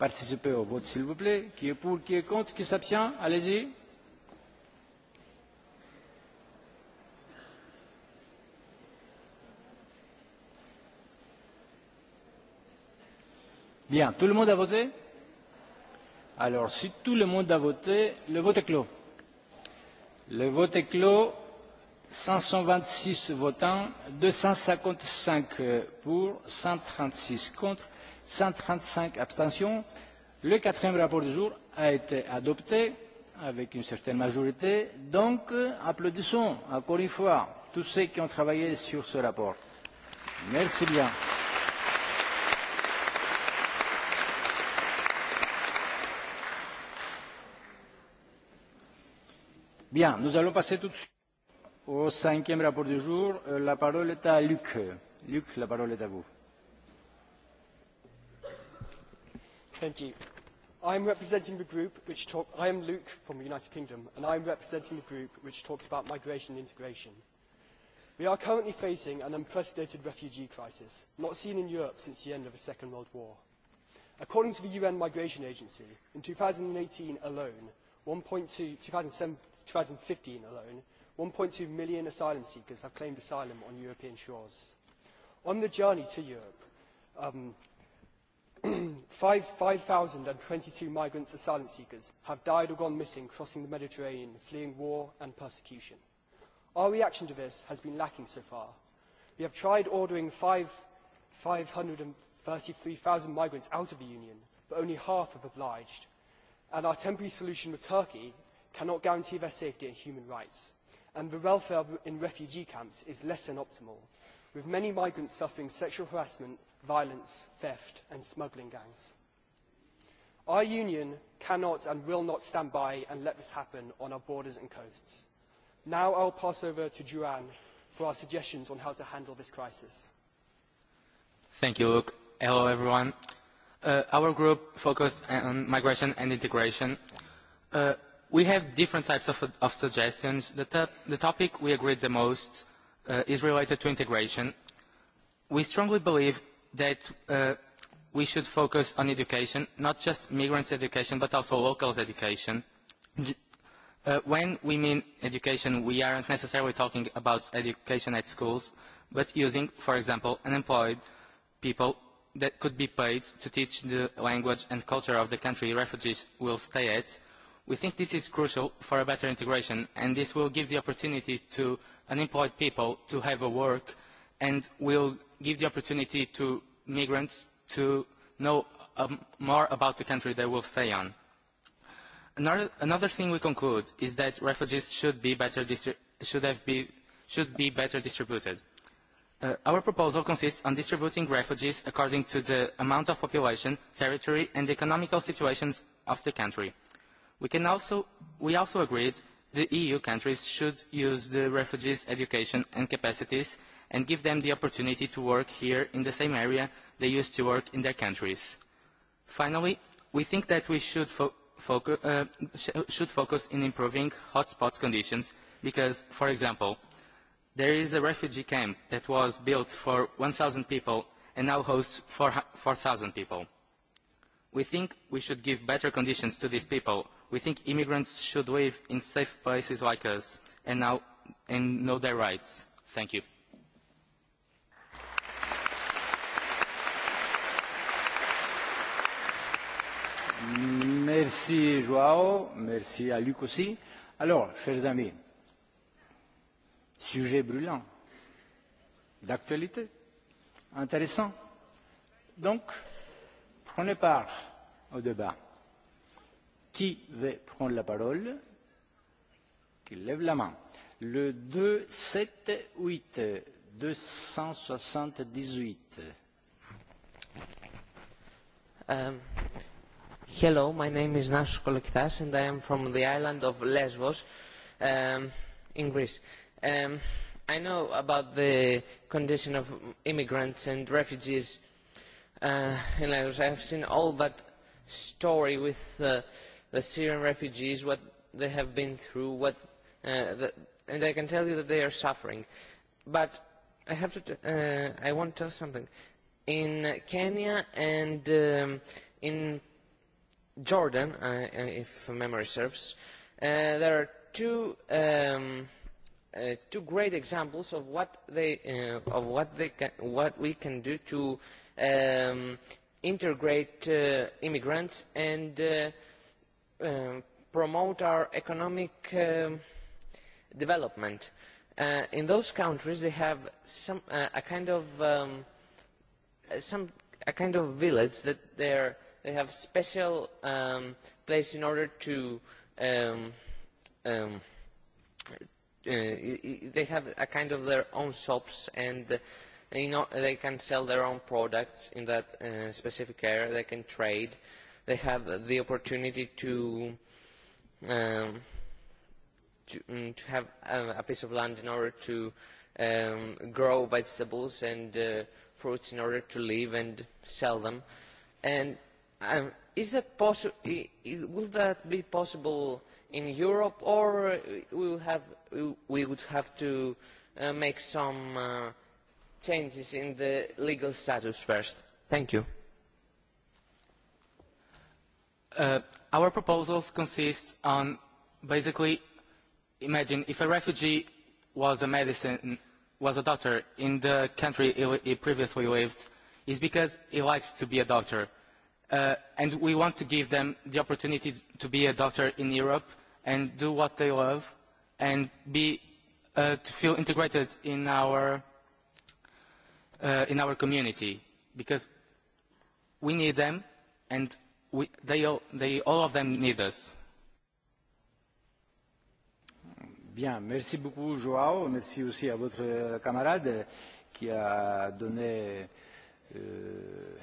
Speaker 1: participer au vote, s'il vous plaît. Qui est pour, qui est contre, qui s'abstient Allez-y. Bien, tout le monde a voté Alors, si tout le monde a voté, le vote est clos. Le vote est clos. 526 votants, 255 euh, pour, 136 contre cent trente cinq abstentions. Le quatrième rapport du jour a été adopté avec une certaine majorité. Donc, applaudissons encore une fois tous ceux qui ont travaillé sur ce rapport. Merci bien. Bien, nous allons passer tout de suite au cinquième rapport du jour. Euh, la parole est à Luc. Luc, la parole est à vous.
Speaker 15: i am representing the group which talk i am luke from the united kingdom and i am representing the group which talks about migration and integration. we are currently facing an unprecedented refugee crisis not seen in europe since the end of the second world war. according to the un migration agency in two eighteen alone one two two thousand fifteen alone one two million asylum seekers have claimed asylum on european shores. on the journey to europe um, five thousand twenty two migrants asylum seekers have died or gone missing crossing the Mediterranean, fleeing war and persecution. Our reaction to this has been lacking so far. We have tried ordering five hundred and thirty three thousand migrants out of the Union, but only half have obliged. And our temporary solution with Turkey cannot guarantee their safety and human rights. And the welfare in refugee camps is less than optimal, with many migrants suffering sexual harassment violence, theft and smuggling gangs. Our union cannot and will not stand by and let this happen on our borders and coasts. Now I will pass over to juan for our suggestions on how to handle this crisis.
Speaker 16: Thank you, Luke. Hello, everyone. Uh, our group focused on migration and integration. Uh, we have different types of, of suggestions. The, the topic we agreed the most uh, is related to integration. We strongly believe that uh, we should focus on education, not just migrants' education, but also locals' education. Uh, when we mean education, we aren't necessarily talking about education at schools, but using, for example, unemployed people that could be paid to teach the language and culture of the country refugees will stay at. We think this is crucial for a better integration, and this will give the opportunity to unemployed people to have a work and will give the opportunity to migrants to know um, more about the country they will stay on. Another, another thing we conclude is that refugees should be better, should have be, should be better distributed. Uh, our proposal consists on distributing refugees according to the amount of population, territory and economical situations of the country. We, can also, we also agreed the EU countries should use the refugees' education and capacities and give them the opportunity to work here in the same area they used to work in their countries. Finally, we think that we should, fo focu uh, sh should focus on improving hotspots conditions because, for example, there is a refugee camp that was built for 1,000 people and now hosts 4,000 people. We think we should give better conditions to these people. We think immigrants should live in safe places like us and, now, and know their rights. Thank you.
Speaker 1: Merci Joao, merci à Luc aussi. Alors, chers amis, sujet brûlant, d'actualité, intéressant. Donc, prenez part au débat. Qui veut prendre la parole Qui lève la main Le 278, 278.
Speaker 8: Euh... Hello, my name is Nash Kolektas and I am from the island of Lesbos um, in Greece. Um, I know about the condition of immigrants and refugees uh, in Lesbos. I have seen all that story with uh, the Syrian refugees, what they have been through, what, uh, the, and I can tell you that they are suffering. But I, have to t uh, I want to tell something. In Kenya and um, in Jordan, uh, uh, if memory serves, uh, there are two, um, uh, two great examples of what, they, uh, of what, they can, what we can do to um, integrate uh, immigrants and uh, uh, promote our economic uh, development. Uh, in those countries, they have some, uh, a kind of um, some a kind of village that they're they have a special um, place in order to um, um, uh, they have a kind of their own shops and you know, they can sell their own products in that uh, specific area. They can trade. They have the opportunity to um, to, um, to have a, a piece of land in order to um, grow vegetables and uh, fruits in order to live and sell them. And Um, is that possi will that be possible in Europe, or we will have we would have to uh, make some uh, changes in the legal status first? Thank you.
Speaker 16: Uh, our proposals consist on basically imagine if a refugee was a medicine was a doctor in the country he, he previously lived is because he likes to be a doctor Uh, and we want to give them the opportunity to be a doctor in Europe and do what they love and be, uh, to feel integrated in our, uh, in our community because we need them and we, they, all, they, all of them need us.
Speaker 1: Bien, merci beaucoup Joao, merci aussi à votre camarade qui a donné euh,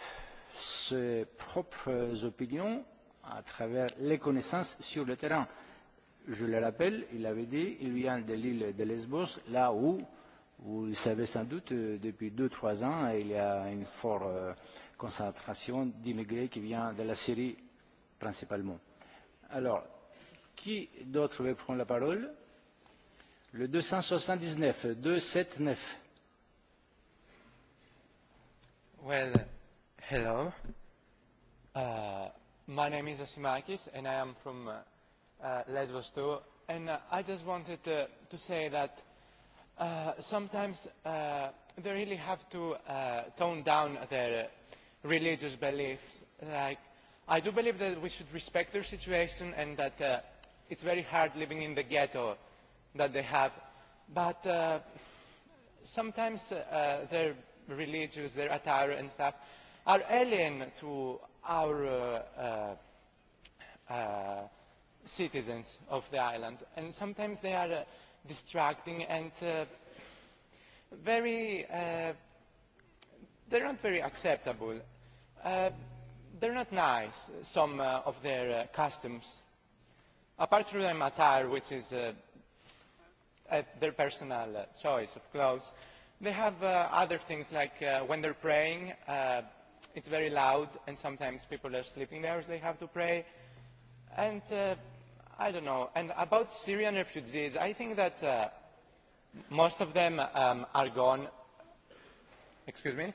Speaker 1: ses propres opinions à travers les connaissances sur le terrain. Je le rappelle, il avait dit il vient de l'île de Lesbos, là où, vous le savez sans doute, euh, depuis deux trois ans, il y a une forte euh, concentration d'immigrés qui vient de la Syrie principalement. Alors, qui d'autre veut prendre la parole Le 279, 279. Well, Hello.
Speaker 7: Uh, my name is Asimakis, and I am from uh, uh, Lesbos too. And uh, I just wanted to, uh, to say that uh, sometimes uh, they really have to uh, tone down their religious beliefs. Like, I do believe that we should respect their situation and that uh, it's very hard living in the ghetto that they have. But uh, sometimes uh, their religious, their attire and stuff, are alien to our uh, uh, uh, citizens of the island, and sometimes they are uh, distracting and uh, very. Uh, they're not very acceptable. Uh, they're not nice, some uh, of their uh, customs. Apart from their attire, which is uh, at uh, their personal uh, choice of clothes, they have uh, other things like uh, when they're praying, uh, it's very loud and sometimes people are sleeping there so they have to pray and uh, I don't know and about Syrian refugees I think that uh, most of them um, are gone excuse me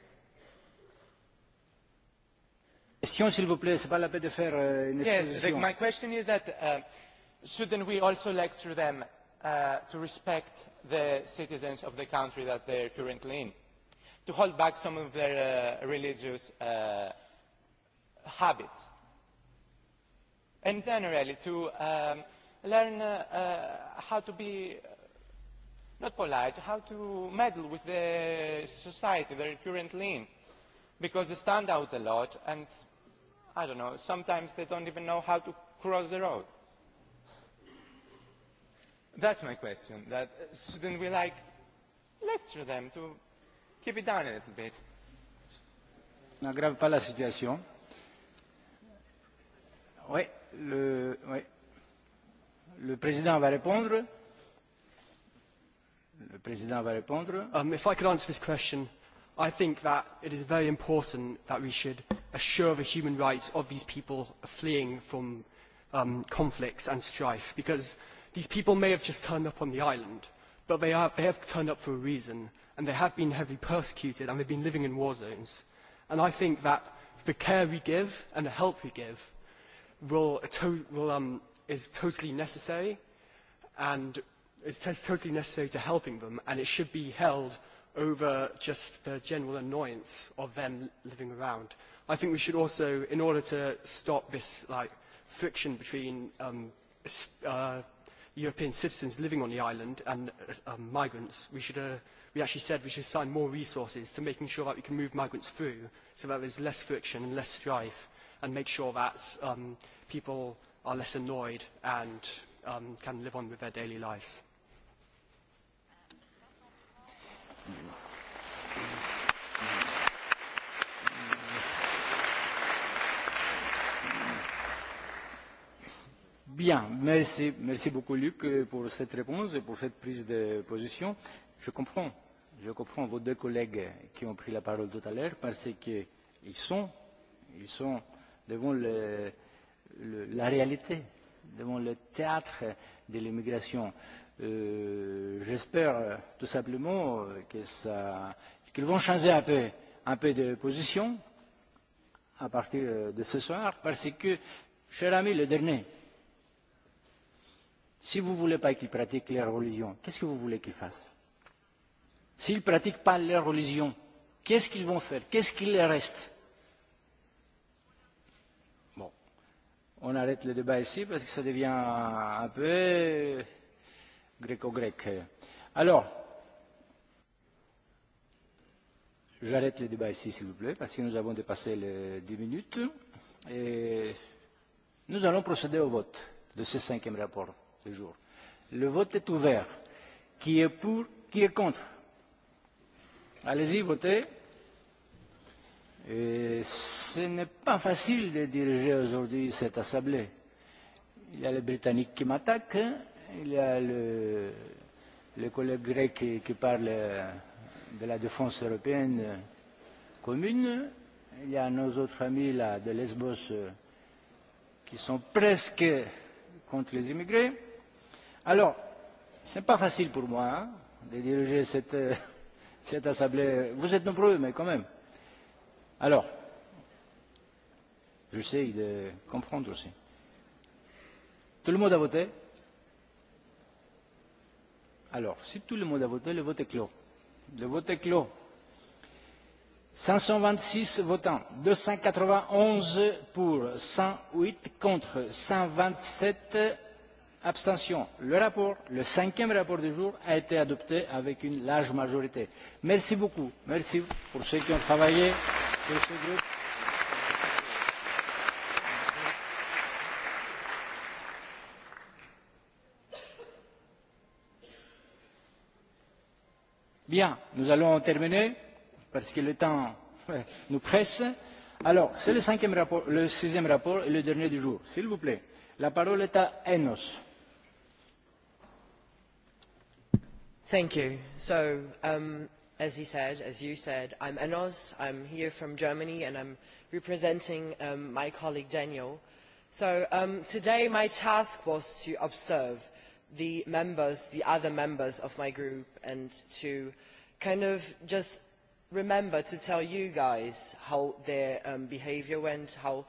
Speaker 1: question s'il vous plaît c'est pas la peine de faire euh, yes, my
Speaker 7: question is that uh, shouldn't we also lecture them uh, to respect the citizens of the country that they're currently in to hold back some of their uh, religious uh, habits. And generally, to um, learn uh, uh, how to be not polite, how to meddle with the society they're currently in. Because they stand out a lot, and I don't know, sometimes they don't even know how to cross the road. That's my question. That shouldn't we like lecture them to keep it down a little bit.
Speaker 1: N'aggrave pas la situation. Oui, le, oui. le président va répondre.
Speaker 15: Le président va répondre. Um, if I could answer this question, I think that it is very important that we should assure the human rights of these people fleeing from um, conflicts and strife, because these people may have just turned up on the island, but they, are, they have turned up for a reason and they have been heavily persecuted and they've been living in war zones. And I think that the care we give and the help we give will, to, will, um, is totally necessary and is totally necessary to helping them and it should be held over just the general annoyance of them living around. I think we should also, in order to stop this like, friction between um, uh, European citizens living on the island and uh, um, migrants, we should uh, we actually said we should assign more resources to making sure that we can move migrants through so that there's less friction and less strife and make sure that um, people are less annoyed and um, can live on with their daily lives.
Speaker 1: Bien, merci, merci beaucoup Luc euh, pour cette réponse et pour cette prise de position je comprends, je comprends vos deux collègues qui ont pris la parole tout à l'heure parce qu'ils sont, ils sont devant le, le, la réalité, devant le théâtre de l'immigration. Euh, J'espère tout simplement qu'ils qu vont changer un peu, un peu de position à partir de ce soir parce que, cher ami, le dernier, si vous ne voulez pas qu'ils pratiquent leur religion, qu'est-ce que vous voulez qu'ils fassent S'ils ne pratiquent pas leur religion, qu'est-ce qu'ils vont faire Qu'est-ce qu'il leur reste Bon, on arrête le débat ici parce que ça devient un peu gréco-grec. Alors, j'arrête le débat ici, s'il vous plaît, parce que nous avons dépassé les 10 minutes. Et nous allons procéder au vote de ce cinquième rapport du jour. Le vote est ouvert. Qui est pour Qui est contre Allez-y, votez. Et euh, ce n'est pas facile de diriger aujourd'hui cette assemblée. Il y a les Britanniques qui m'attaquent, il y a le, le collègue grec qui, qui parle euh, de la défense européenne euh, commune, il y a nos autres amis là, de Lesbos qui sont presque contre les immigrés. Alors, ce n'est pas facile pour moi hein, de diriger cette cette assemblée. Vous êtes nombreux, mais quand même. Alors, j'essaie de comprendre aussi. Tout le monde a voté Alors, si tout le monde a voté, le vote est clos. Le vote est clos. 526 votants, 291 pour, 108 contre, 127 Abstention. Le rapport, le cinquième rapport du jour, a été adopté avec une large majorité. Merci beaucoup. Merci pour ceux qui ont travaillé pour ce groupe. Bien, nous allons terminer parce que le temps nous presse. Alors, c'est le, cinquième rapport, le sixième rapport et le dernier du jour. S'il vous plaît, la parole est à Enos.
Speaker 10: Thank you. So, um, as he said, as you said, I'm Enos. I'm here from Germany, and I'm representing um, my colleague Daniel. So um, today my task was to observe the members, the other members of my group, and to kind of just remember to tell you guys how their um, behaviour went, how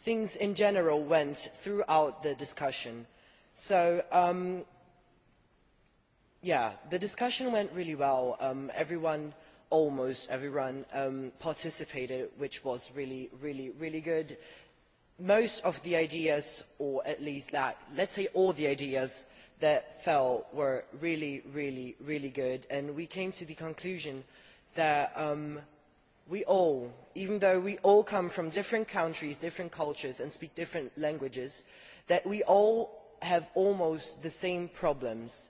Speaker 10: things in general went throughout the discussion. So um, the discussion went really well um, everyone almost everyone um, participated which was really really really good most of the ideas or at least let's say all the ideas that fell were really really really good and we came to the conclusion that um, we all even though we all come from different countries different cultures and speak different languages that we all have almost the same problems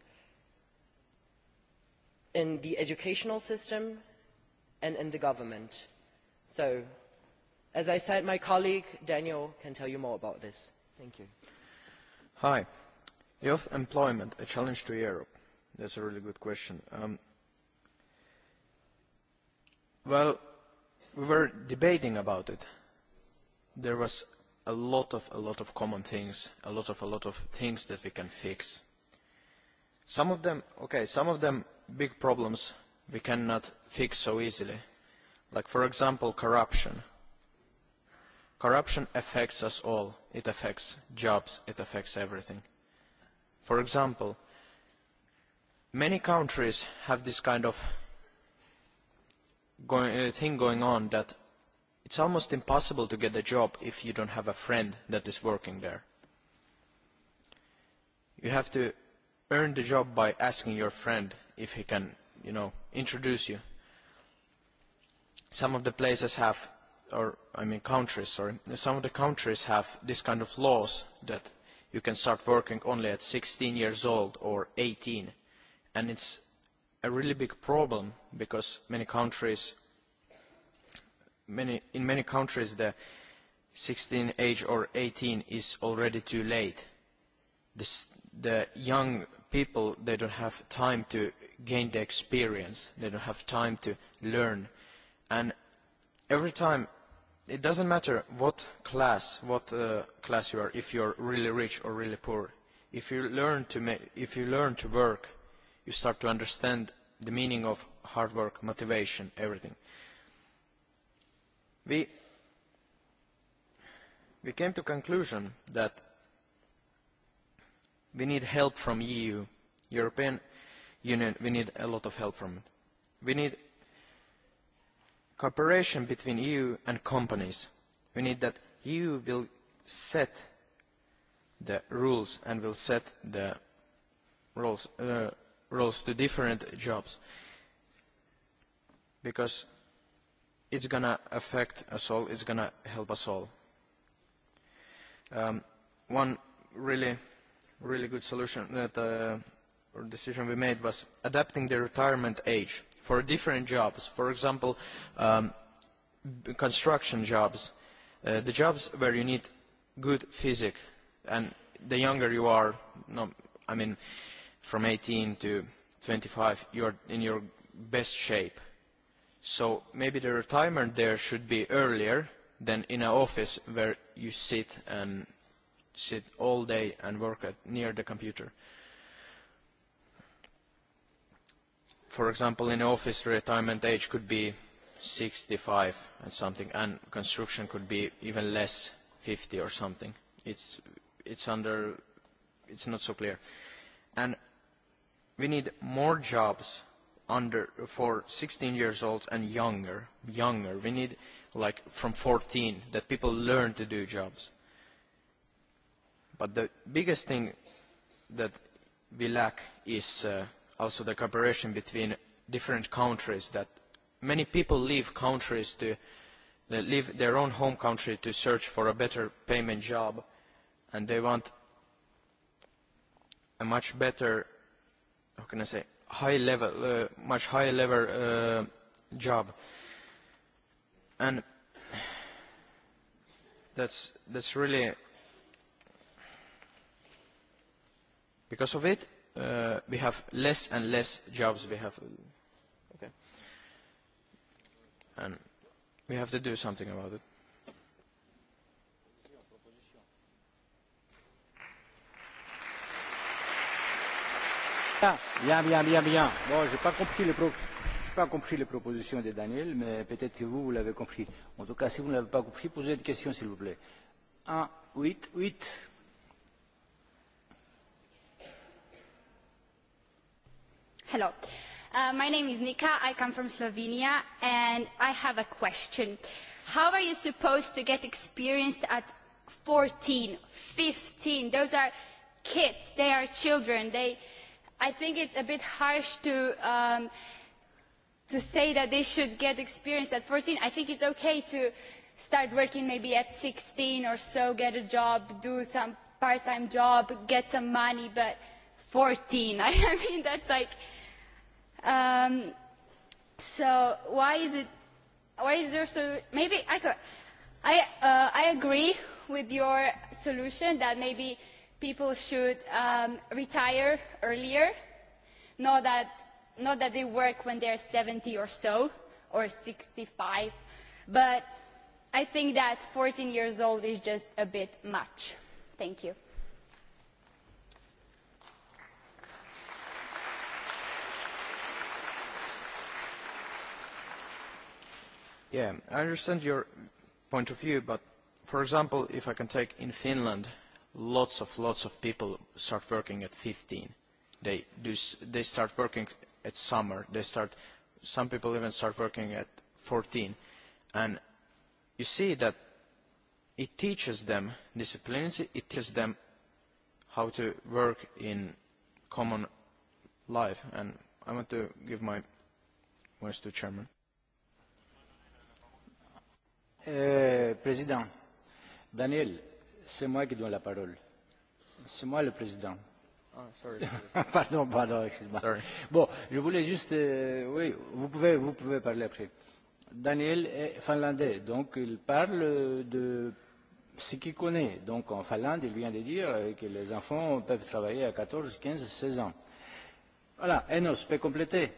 Speaker 10: in the educational system and in the government. So, as I said, my colleague Daniel can tell you more about this. Thank you.
Speaker 4: Hi. Youth employment, a challenge to Europe. That's a really good question. Um, well, we were debating about it. There was a lot of, a lot of common things, a lot of, a lot of things that we can fix. Some of them, okay, some of them big problems we cannot fix so easily, like, for example, corruption. Corruption affects us all. It affects jobs. It affects everything. For example, many countries have this kind of going, uh, thing going on that it's almost impossible to get a job if you don't have a friend that is working there. You have to earn the job by asking your friend if he can, you know, introduce you. Some of the places have, or I mean countries, sorry, some of the countries have this kind of laws that you can start working only at 16 years old or 18. And it's a really big problem because many countries, many, in many countries the 16 age or 18 is already too late. This, the young people, they don't have time to gain the experience. They don't have time to learn. And every time, it doesn't matter what class, what uh, class you are, if you're really rich or really poor. If you learn to make if you learn to work, you start to understand the meaning of hard work, motivation, everything. We we came to conclusion that we need help from EU, European Union, we need a lot of help from it. We need cooperation between EU and companies. We need that EU will set the rules and will set the roles, uh, roles to different jobs because it's going to affect us all, it's going to help us all. Um, one really, really good solution that uh, or decision we made was adapting the retirement age for different jobs. For example, um, construction jobs, uh, the jobs where you need good physique, and the younger you are, no, I mean, from 18 to 25, you're in your best shape. So maybe the retirement there should be earlier than in an office where you sit and sit all day and work at, near the computer. for example, in office, retirement age could be 65 and something, and construction could be even less, 50 or something. It's, it's under, it's not so clear. And we need more jobs under, for 16 years old and younger, younger. We need like from 14 that people learn to do jobs. But the biggest thing that we lack is uh, also the cooperation between different countries that many people leave countries to they leave their own home country to search for a better payment job and they want a much better how can I say high level uh, much higher level uh, job and that's that's really because of it uh, we have less and less jobs we have okay and we have to do something about it
Speaker 1: Bien, bien, bien, bien. Bon, je n'ai pas, pro... pas compris les propositions de Daniel, mais peut-être que vous, vous l'avez compris. En tout cas, si vous ne l'avez pas compris, posez une question, s'il vous plaît. 1, 8, 8.
Speaker 13: Hello. Uh, my name is Nika. I come from Slovenia, and I have a question. How are you supposed to get experienced at 14, 15? Those are kids. They are children. They, I think it's a bit harsh to. Um, to say that they should get experience at fourteen, I think it's okay to start working maybe at sixteen or so, get a job, do some part-time job, get some money, but fourteen, I mean, that's like Um, so why is it? Why is there so? Maybe I could. I uh, I agree with your solution that maybe people should um, retire earlier. Not that not that they work when they're 70 or so or 65, but I think that 14 years old is just a bit
Speaker 11: much. Thank you.
Speaker 4: Yeah, I understand your point of view, but for example, if I can take in Finland, lots of lots of people start working at 15. They do they start working at summer. They start some people even start working at 14, and you see that it teaches them discipline. It teaches them how to work in common life. And I want to give my voice to chairman.
Speaker 1: Euh, président, Daniel, c'est moi qui donne la parole. C'est moi le président. Ah, pardon, pardon, excuse-moi. Bon, je voulais juste... Euh, oui, vous pouvez, vous pouvez parler après. Daniel est finlandais, donc il parle de ce qu'il connaît. Donc en Finlande, il vient de dire euh, que les enfants peuvent travailler à 14, 15, 16 ans. Voilà, Enos, tu peux compléter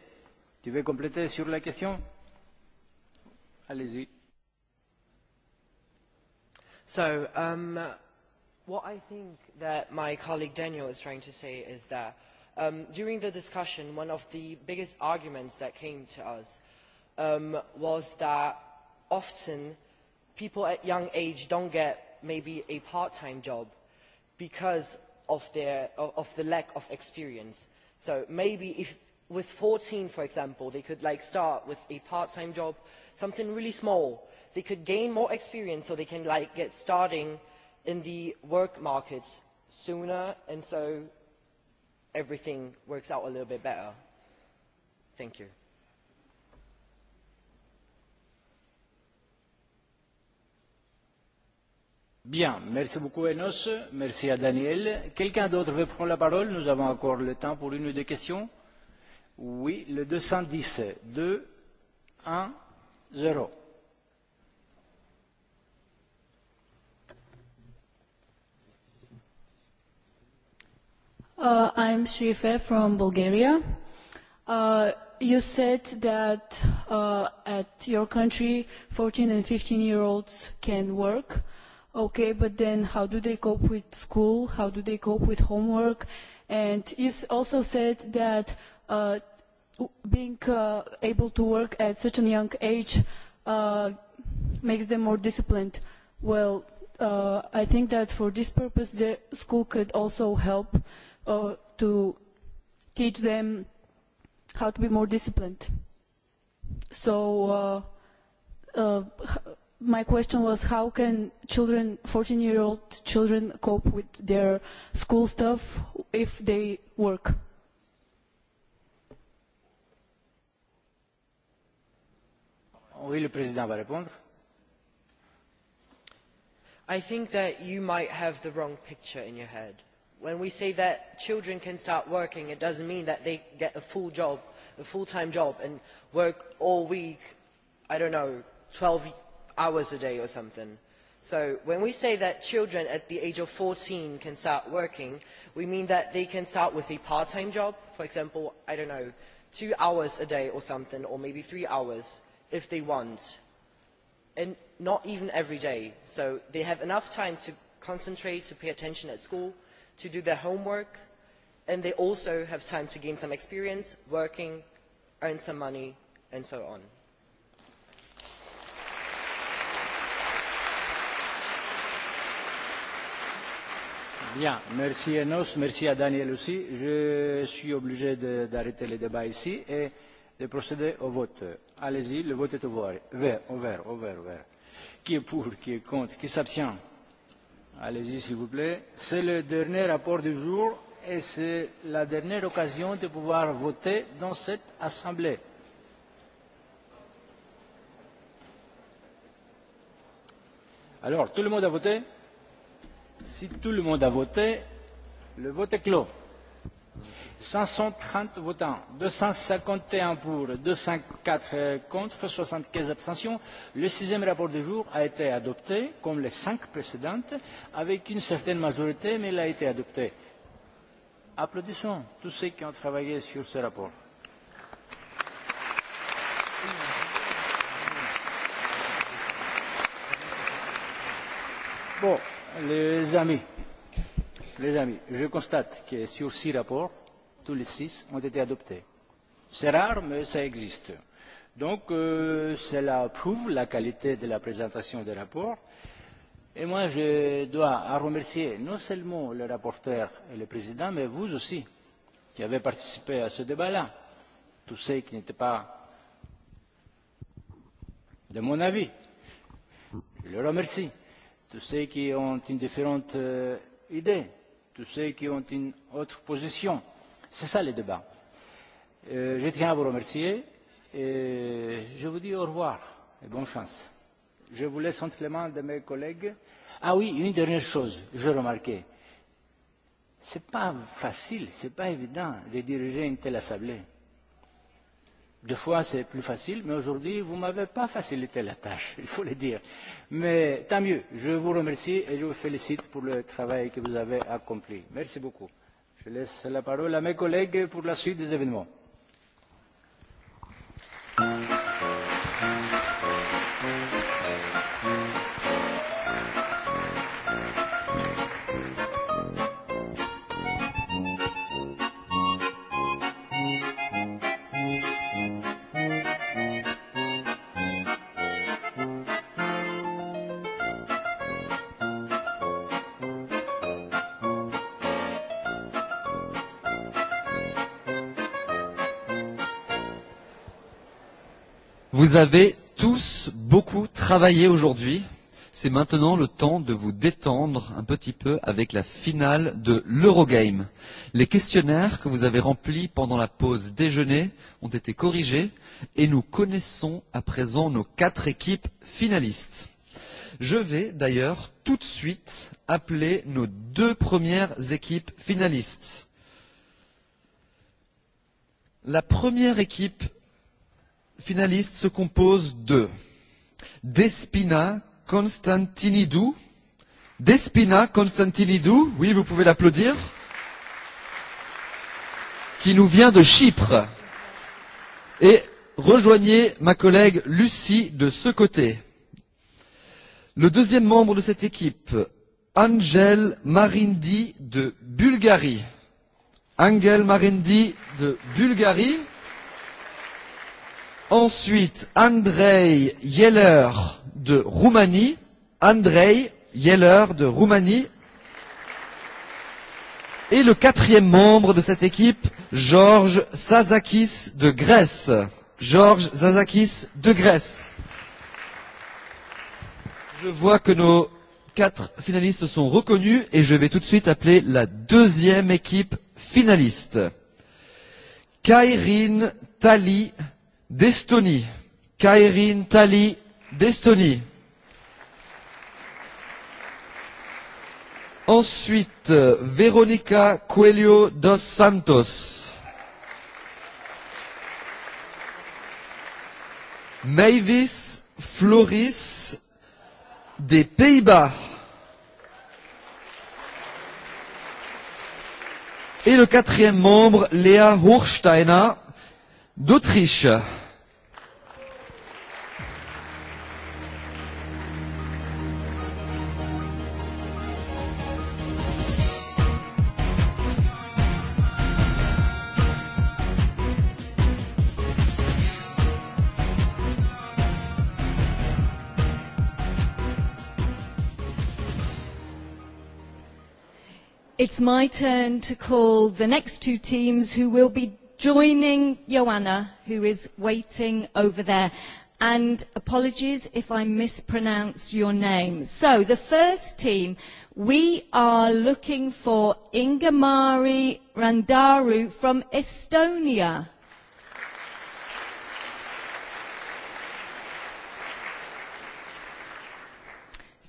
Speaker 1: Tu veux compléter sur la question
Speaker 10: Allez-y. So um, what I think that my colleague Daniel is trying to say is that um, during the discussion, one of the biggest arguments that came to us um, was that often people at young age don't get maybe a part-time job because of, their, of the lack of experience. So maybe if with 14, for example, they could like start with a part-time job, something really small, they could gain more experience so they can like, get starting in the work market sooner and so everything works out a little bit better. Thank you.
Speaker 1: Bien, merci beaucoup Enos, merci à Daniel. Quelqu'un d'autre veut prendre la parole Nous avons encore le temps pour une ou deux questions. Oui, le 210, 2, 1, 0.
Speaker 3: Uh, I'm Shrife from Bulgaria. Uh, you said that uh, at your country, 14 and 15 year olds can work. Okay, but then how do they cope with school? How do they cope with homework? And you also said that uh, being uh, able to work at such a young age uh, makes them more disciplined. Well, uh, I think that for this purpose, the school could also help uh, Uh, to teach them how to be more disciplined. So uh, uh, my question was how can children, 14 year old children cope with their school stuff if they work?
Speaker 1: Oui, le président va répondre.
Speaker 10: I think that you might have the wrong picture in your head when we say that children can start working it does not mean that they get a full job a full time job and work all week i do not know twelve hours a day or something. so when we say that children at the age of fourteen can start working we mean that they can start with a part time job for example i do not know two hours a day or something or maybe three hours if they want and not even every day so they have enough time to concentrate to pay attention at school to do their homework and they also have time to gain some experience working earn some money and so on.
Speaker 1: Bien, merci Enos, merci à Daniel aussi. Je suis obligé d'arrêter le débat ici et de procéder au vote. Allez-y, le vote est ouvert. Ouvert, ouvert, ouvert. Qui est pour, qui est contre, qui s'abstient Allez-y, s'il vous plaît. C'est le dernier rapport du jour et c'est la dernière occasion de pouvoir voter dans cette assemblée. Alors, tout le monde a voté Si tout le monde a voté, le vote est clos. 530 votants, 251 pour, 204 euh, contre, 75 abstentions. Le sixième rapport du jour a été adopté, comme les cinq précédentes, avec une certaine majorité, mais il a été adopté. Applaudissons tous ceux qui ont travaillé sur ce rapport. Bon, les amis les amis, je constate que sur six rapports, tous les six ont été adoptés. C'est rare, mais ça existe. Donc, euh, cela prouve la qualité de la présentation des rapports. Et moi, je dois remercier non seulement le rapporteur et le président, mais vous aussi, qui avez participé à ce débat-là. Tous ceux qui n'étaient pas de mon avis. Je le remercie. Tous ceux qui ont une différente euh, idée tous ceux qui ont une autre position. C'est ça le débat. Euh, je tiens à vous remercier et je vous dis au revoir et bonne chance. Je vous laisse entre les mains de mes collègues. Ah oui, une dernière chose, je remarquais Ce n'est pas facile, ce n'est pas évident de diriger une telle assemblée Deux fois, c'est plus facile, mais aujourd'hui, vous ne m'avez pas facilité la tâche, il faut le dire. Mais tant mieux, je vous remercie et je vous félicite pour le travail que vous avez accompli. Merci beaucoup. Je laisse la parole à mes collègues pour la suite des événements.
Speaker 17: avez tous beaucoup travaillé aujourd'hui. C'est maintenant le temps de vous détendre un petit peu avec la finale de l'Eurogame. Les questionnaires que vous avez remplis pendant la pause déjeuner ont été corrigés et nous connaissons à présent nos quatre équipes finalistes. Je vais d'ailleurs tout de suite appeler nos deux premières équipes finalistes. La première équipe finalistes se compose de Despina Constantinidou. Despina Constantinidou, oui, vous pouvez l'applaudir, qui nous vient de Chypre. Et rejoignez ma collègue Lucie de ce côté. Le deuxième membre de cette équipe, Angel Marindi de Bulgarie. Angel Marindi de Bulgarie. Ensuite, Andrei Yeller de Roumanie. Andrei Yeller de Roumanie. Et le quatrième membre de cette équipe, Georges Sazakis de Grèce. Georges Zazakis de Grèce. Je vois que nos quatre finalistes sont reconnus et je vais tout de suite appeler la deuxième équipe finaliste. Kairin Tali d'Estonie. Kairine Tali d'Estonie. Ensuite, euh, Veronica Coelho dos Santos. Mavis Floris des Pays-Bas. Et le quatrième membre, Léa Hochsteiner d'Autriche.
Speaker 14: It's my turn to call the next two teams who will be joining Joanna, who is waiting over there. And apologies if I mispronounce your name. So the first team, we are looking for Ingamari Randaru from Estonia.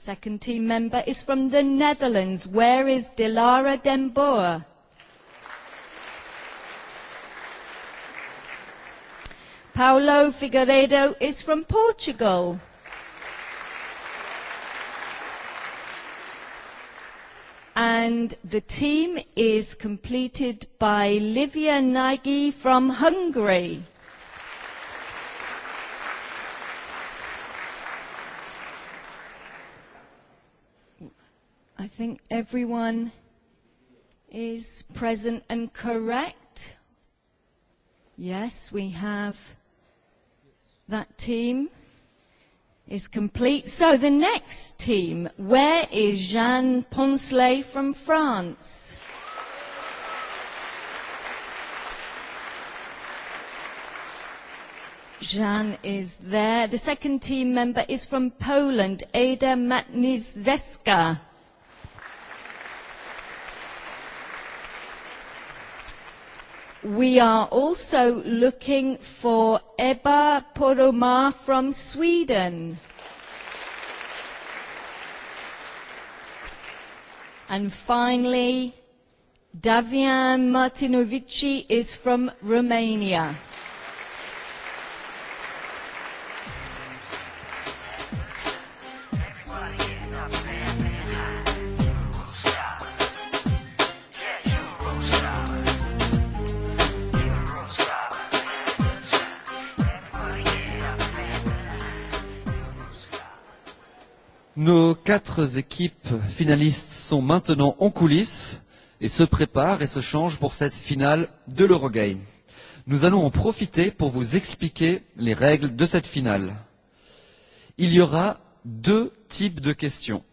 Speaker 14: second team member is from the Netherlands. Where is Dilara Den Boer? Paulo Figueiredo is from Portugal. And the team is completed by Livia Nagy from Hungary. I think everyone is present and correct. Yes, we have that team is complete. So the next team, where is Jeanne Poncelet from France? Jeanne is there. The second team member is from Poland, Ada Matnizeska. We are also looking for Ebba Poroma from Sweden. And finally, Davian Martinovici is from Romania.
Speaker 17: Nos quatre équipes finalistes sont maintenant en coulisses et se préparent et se changent pour cette finale de l'Eurogame. Nous allons en profiter pour vous expliquer les règles de cette finale. Il y aura deux types de questions.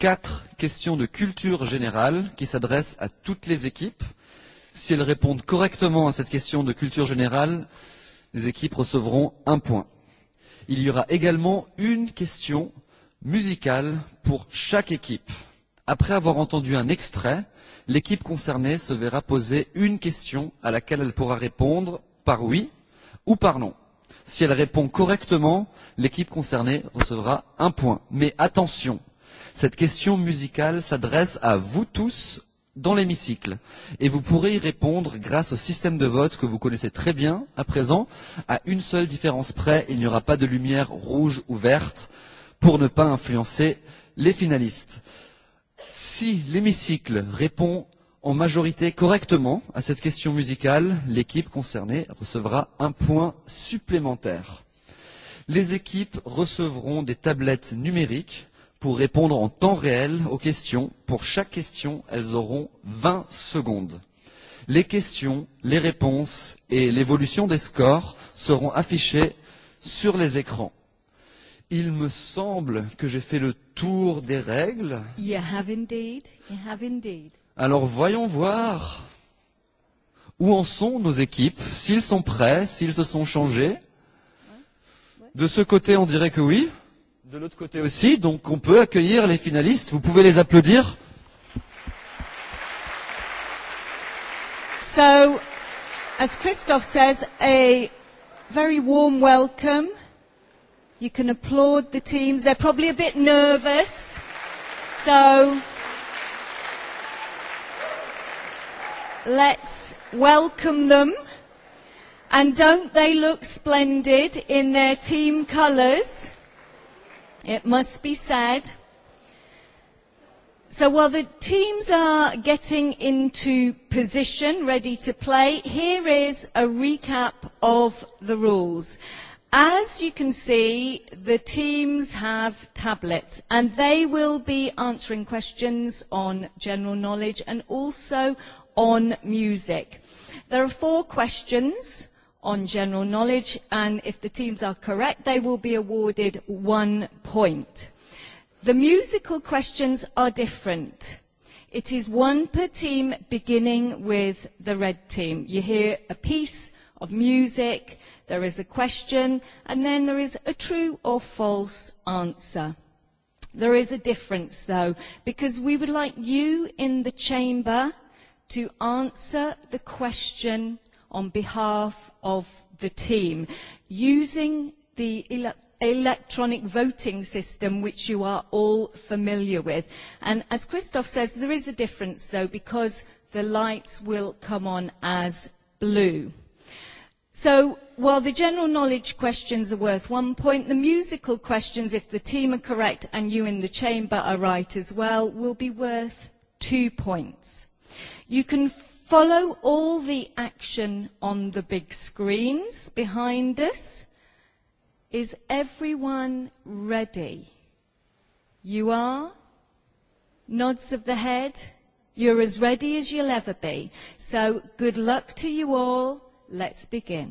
Speaker 17: Quatre questions de culture générale qui s'adressent à toutes les équipes. Si elles répondent correctement à cette question de culture générale, les équipes recevront un point. Il y aura également une question musicale pour chaque équipe. Après avoir entendu un extrait, l'équipe concernée se verra poser une question à laquelle elle pourra répondre par oui ou par non. Si elle répond correctement, l'équipe concernée recevra un point. Mais attention, cette question musicale s'adresse à vous tous dans l'hémicycle et vous pourrez y répondre grâce au système de vote que vous connaissez très bien à présent. À une seule différence près, il n'y aura pas de lumière rouge ou verte pour ne pas influencer les finalistes. Si l'hémicycle répond en majorité correctement à cette question musicale, l'équipe concernée recevra un point supplémentaire. Les équipes recevront des tablettes numériques pour répondre en temps réel aux questions. Pour chaque question, elles auront 20 secondes. Les questions, les réponses et l'évolution des scores seront affichées sur les écrans. Il me semble que j'ai fait le tour des règles.
Speaker 14: You have indeed. You have indeed.
Speaker 17: Alors voyons voir où en sont nos équipes, s'ils sont prêts, s'ils se sont changés. De ce côté, on dirait que oui. De l'autre côté aussi, donc on peut accueillir les finalistes. Vous pouvez les applaudir.
Speaker 14: So, as Christophe says, a very warm welcome You can applaud the teams. They're probably a bit nervous. So let's welcome them. And don't they look splendid in their team colours? It must be said. So while the teams are getting into position, ready to play, here is a recap of the rules. As you can see, the teams have tablets and they will be answering questions on general knowledge and also on music. There are four questions on general knowledge and if the teams are correct, they will be awarded one point. The musical questions are different. It is one per team beginning with the red team. You hear a piece of music there is a question, and then there is a true or false answer. There is a difference, though, because we would like you in the chamber to answer the question on behalf of the team using the ele electronic voting system which you are all familiar with. And as Christoph says, there is a difference though because the lights will come on as blue. So while the general knowledge questions are worth one point, the musical questions, if the team are correct and you in the chamber are right as well, will be worth two points. You can follow all the action on the big screens behind us. Is everyone ready? You are? Nods of the head? You're as ready as you'll ever be. So good luck to you all Let's begin.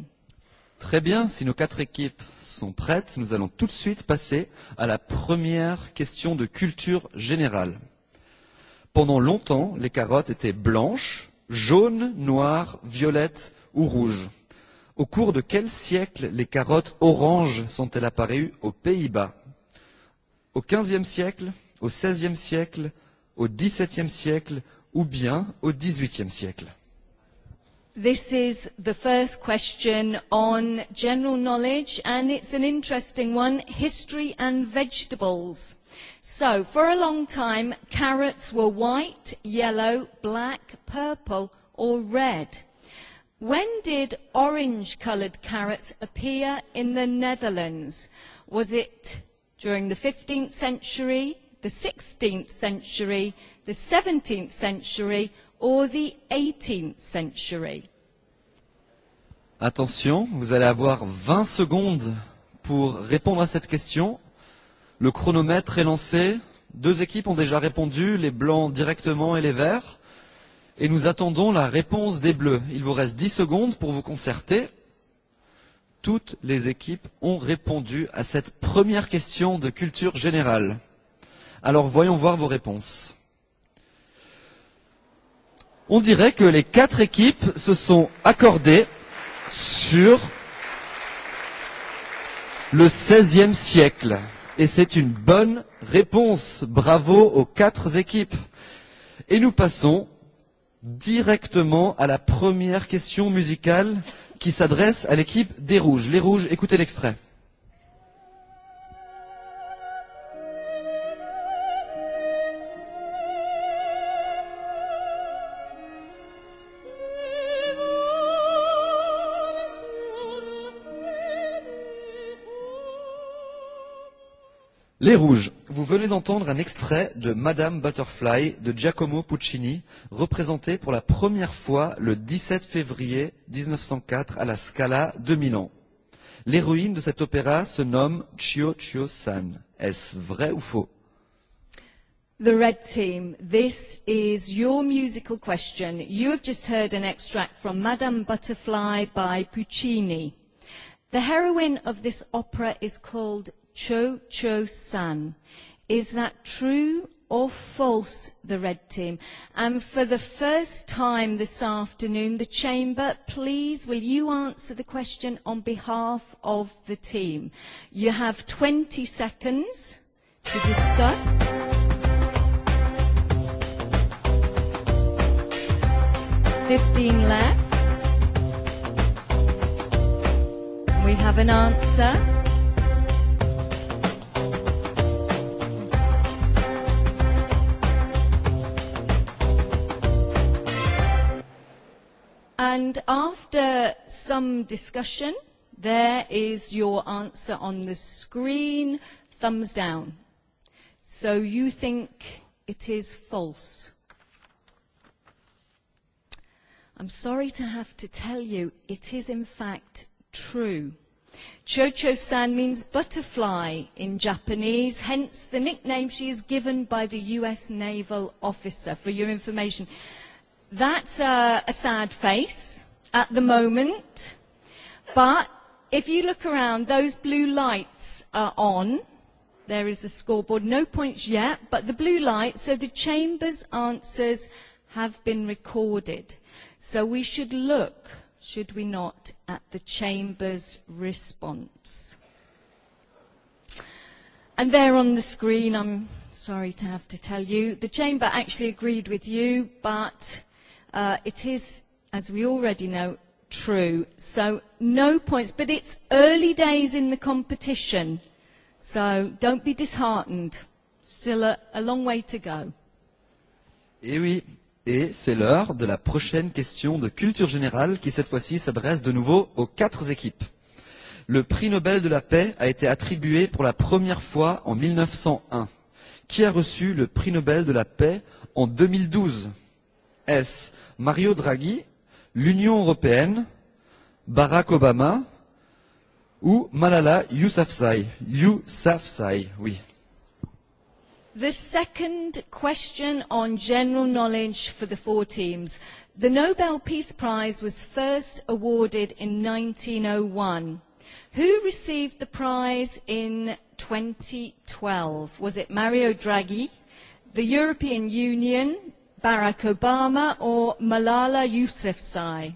Speaker 17: Très bien, si nos quatre équipes sont prêtes, nous allons tout de suite passer à la première question de culture générale. Pendant longtemps, les carottes étaient blanches, jaunes, noires, violettes ou rouges. Au cours de quel siècle les carottes oranges sont-elles apparues aux Pays-Bas Au XVe siècle, au XVIe siècle, au XVIIe siècle ou bien au XVIIIe siècle
Speaker 14: This is the first question on general knowledge, and it's an interesting one history and vegetables. So, for a long time, carrots were white, yellow, black, purple, or red. When did orange coloured carrots appear in the Netherlands? Was it during the 15th century, the 16th century, the 17th century, or the 18th century?
Speaker 17: Attention, vous allez avoir 20 secondes pour répondre à cette question. Le chronomètre est lancé. Deux équipes ont déjà répondu, les blancs directement et les verts. Et nous attendons la réponse des bleus. Il vous reste 10 secondes pour vous concerter. Toutes les équipes ont répondu à cette première question de culture générale. Alors voyons voir vos réponses on dirait que les quatre équipes se sont accordées sur le e siècle. Et c'est une bonne réponse. Bravo aux quatre équipes. Et nous passons directement à la première question musicale qui s'adresse à l'équipe des Rouges. Les Rouges, écoutez l'extrait. Les Rouges. Vous venez d'entendre un extrait de Madame Butterfly de Giacomo Puccini, représenté pour la première fois le 17 février 1904 à la Scala de Milan. L'héroïne de cet opéra se nomme Chio Chio San. Est-ce vrai ou faux?
Speaker 14: The Red Team, this is your musical question. You have just heard an extract from Madame Butterfly by Puccini. The heroine of this opera is called Cho Cho San. Is that true or false, the red team? And for the first time this afternoon, the chamber, please, will you answer the question on behalf of the team? You have 20 seconds to discuss. Fifteen left. We have an answer. And after some discussion, there is your answer on the screen, thumbs down. So you think it is false. I'm sorry to have to tell you, it is in fact true. Chocho-san means butterfly in Japanese, hence the nickname she is given by the US naval officer, for your information. That's a a sad face at the moment. But if you look around, those blue lights are on. There is the scoreboard. No points yet, but the blue lights, So the chamber's answers have been recorded. So we should look, should we not, at the chamber's response. And there on the screen, I'm sorry to have to tell you, the chamber actually agreed with you, but Uh, it is, as we already know, true. So no points, but it's early days in the competition. So don't be disheartened. Still a, a long way to go.
Speaker 17: Et oui, et c'est l'heure de la prochaine question de culture générale qui cette fois-ci s'adresse de nouveau aux quatre équipes. Le prix Nobel de la paix a été attribué pour la première fois en 1901. Qui a reçu le prix Nobel de la paix en 2012 Est Mario Draghi, l'Union européenne, Barack Obama ou Malala Yousafzai Yousafzai, oui.
Speaker 14: The second question on general knowledge for the four teams. The Nobel Peace Prize was first awarded in 1901. Who received the prize in 2012? Was it Mario Draghi, the European Union, Barack Obama ou Malala Yousafzai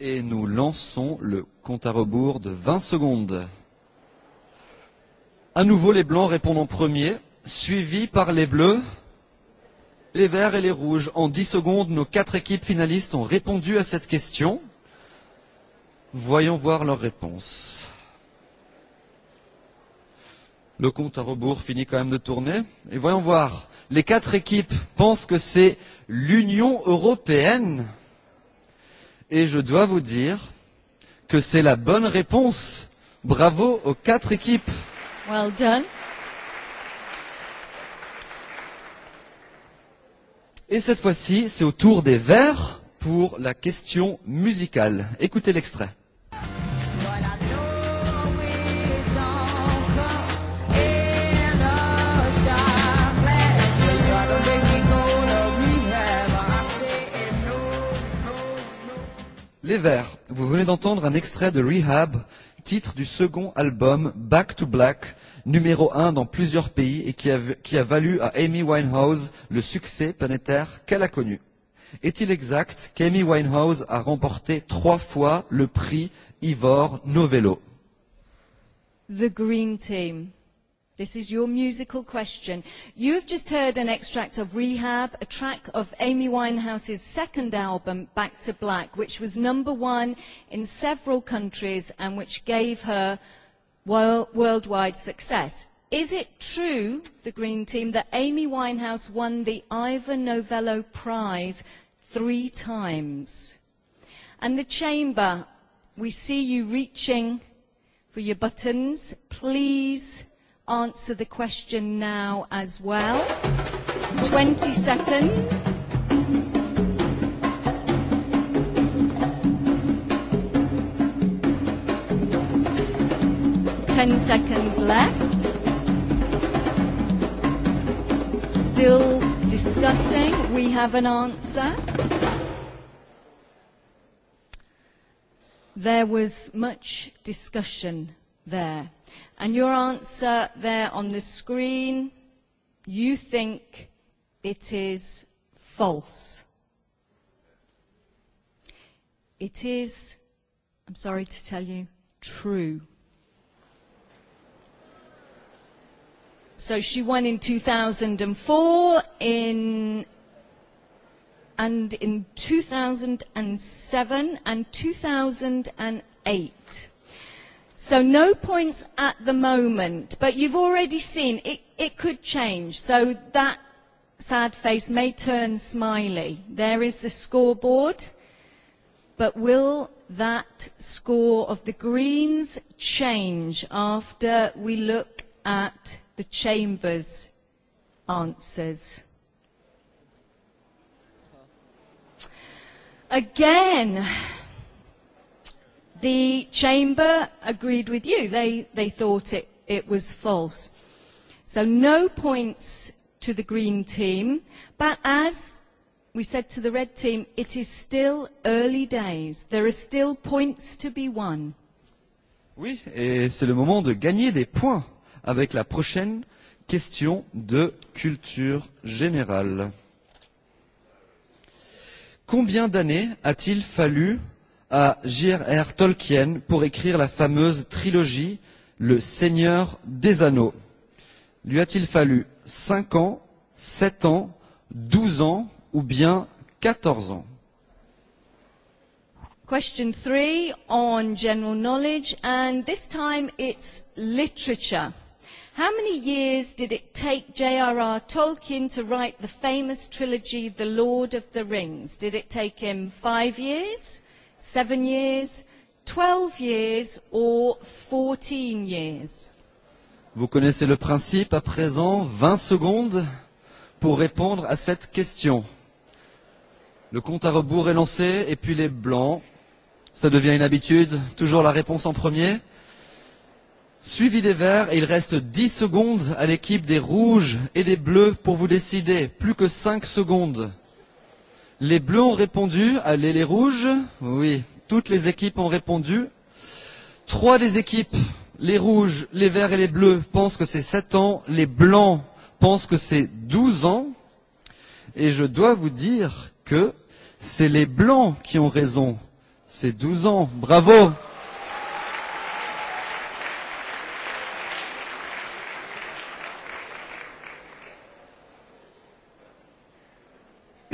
Speaker 17: Et nous lançons le compte à rebours de 20 secondes. À nouveau, les blancs répondent en premier, suivis par les bleus, les verts et les rouges. En 10 secondes, nos quatre équipes finalistes ont répondu à cette question. Voyons voir leurs réponses. Le compte à rebours finit quand même de tourner. Et voyons voir. Les quatre équipes pensent que c'est l'Union européenne. Et je dois vous dire que c'est la bonne réponse. Bravo aux quatre équipes. Well done. Et cette fois-ci, c'est au tour des Verts pour la question musicale. Écoutez l'extrait. Les Verts, vous venez d'entendre un extrait de Rehab, titre du second album Back to Black, numéro 1 dans plusieurs pays et qui a, qui a valu à Amy Winehouse le succès planétaire qu'elle a connu. Est-il exact qu'Amy Winehouse a remporté trois fois le prix Ivor Novello
Speaker 14: The Green Team. This is your musical question. You have just heard an extract of Rehab, a track of Amy Winehouse's second album, Back to Black, which was number one in several countries and which gave her worldwide success. Is it true, the Green Team, that Amy Winehouse won the Ivor Novello Prize three times? And the Chamber, we see you reaching for your buttons. Please answer the question now as well. 20 seconds. Ten seconds left. Still discussing. We have an answer. There was much discussion there. And your answer there on the screen, you think it is false. It is, I'm sorry to tell you, true. So she won in 2004 in and in 2007 and 2008. So no points at the moment, but you've already seen it, it could change. So that sad face may turn smiley. There is the scoreboard, but will that score of the Greens change after we look at the Chamber's answers? Again, the chamber agreed with you. They, they thought it, it was false. So no points to the green team. But as we said to the red team, it is still early days. There are still points to be won. Oui,
Speaker 17: et c'est le moment de gagner des points avec la prochaine question de culture générale. Combien d'années a-t-il fallu à J.R.R. Tolkien pour écrire la fameuse trilogie Le Seigneur des Anneaux Lui a-t-il fallu 5 ans, 7 ans, 12 ans ou bien 14 ans
Speaker 14: Question 3 on general knowledge and this time it's literature. How many years did it take J.R.R. Tolkien to write the famous trilogy The Lord of the Rings? Did it take him five years, seven years, 12 years or 14 years?
Speaker 17: Vous connaissez le principe à présent, 20 secondes pour répondre à cette question. Le compte à rebours est lancé et puis les blancs, ça devient une habitude, toujours la réponse en premier. Suivi des verts et il reste 10 secondes à l'équipe des rouges et des bleus pour vous décider. Plus que 5 secondes. Les bleus ont répondu. Allez, les rouges. Oui, toutes les équipes ont répondu. Trois des équipes, les rouges, les verts et les bleus, pensent que c'est 7 ans. Les blancs pensent que c'est 12 ans. Et je dois vous dire que c'est les blancs qui ont raison. C'est 12 ans. Bravo.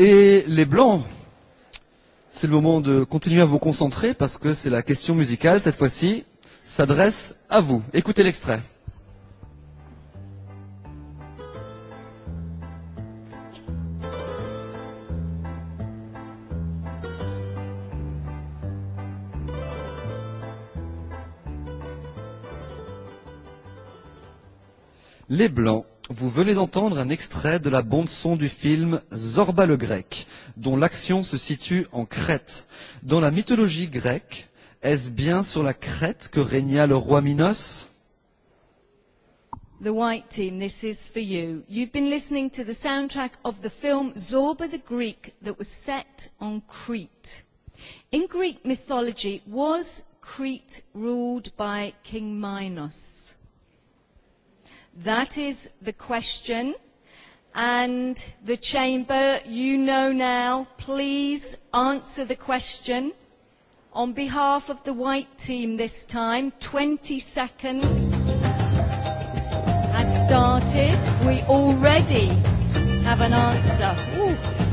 Speaker 17: Et les blancs, c'est le moment de continuer à vous concentrer parce que c'est la question musicale cette fois-ci s'adresse à vous. Écoutez l'extrait. Les blancs Vous venez d'entendre un extrait de la bande-son du film Zorba le Grec, dont l'action se situe en Crète. Dans la mythologie grecque, est-ce bien sur la Crète que régna le roi Minos
Speaker 14: The White Team, this is for you. You've been listening to the soundtrack of the film Zorba the Greek that was set on Crete. In Greek mythology, was Crete ruled by King Minos? That is the question. And the Chamber, you know now, please answer the question. On behalf of the white team this time, 20 seconds has started. We already have an answer. Ooh.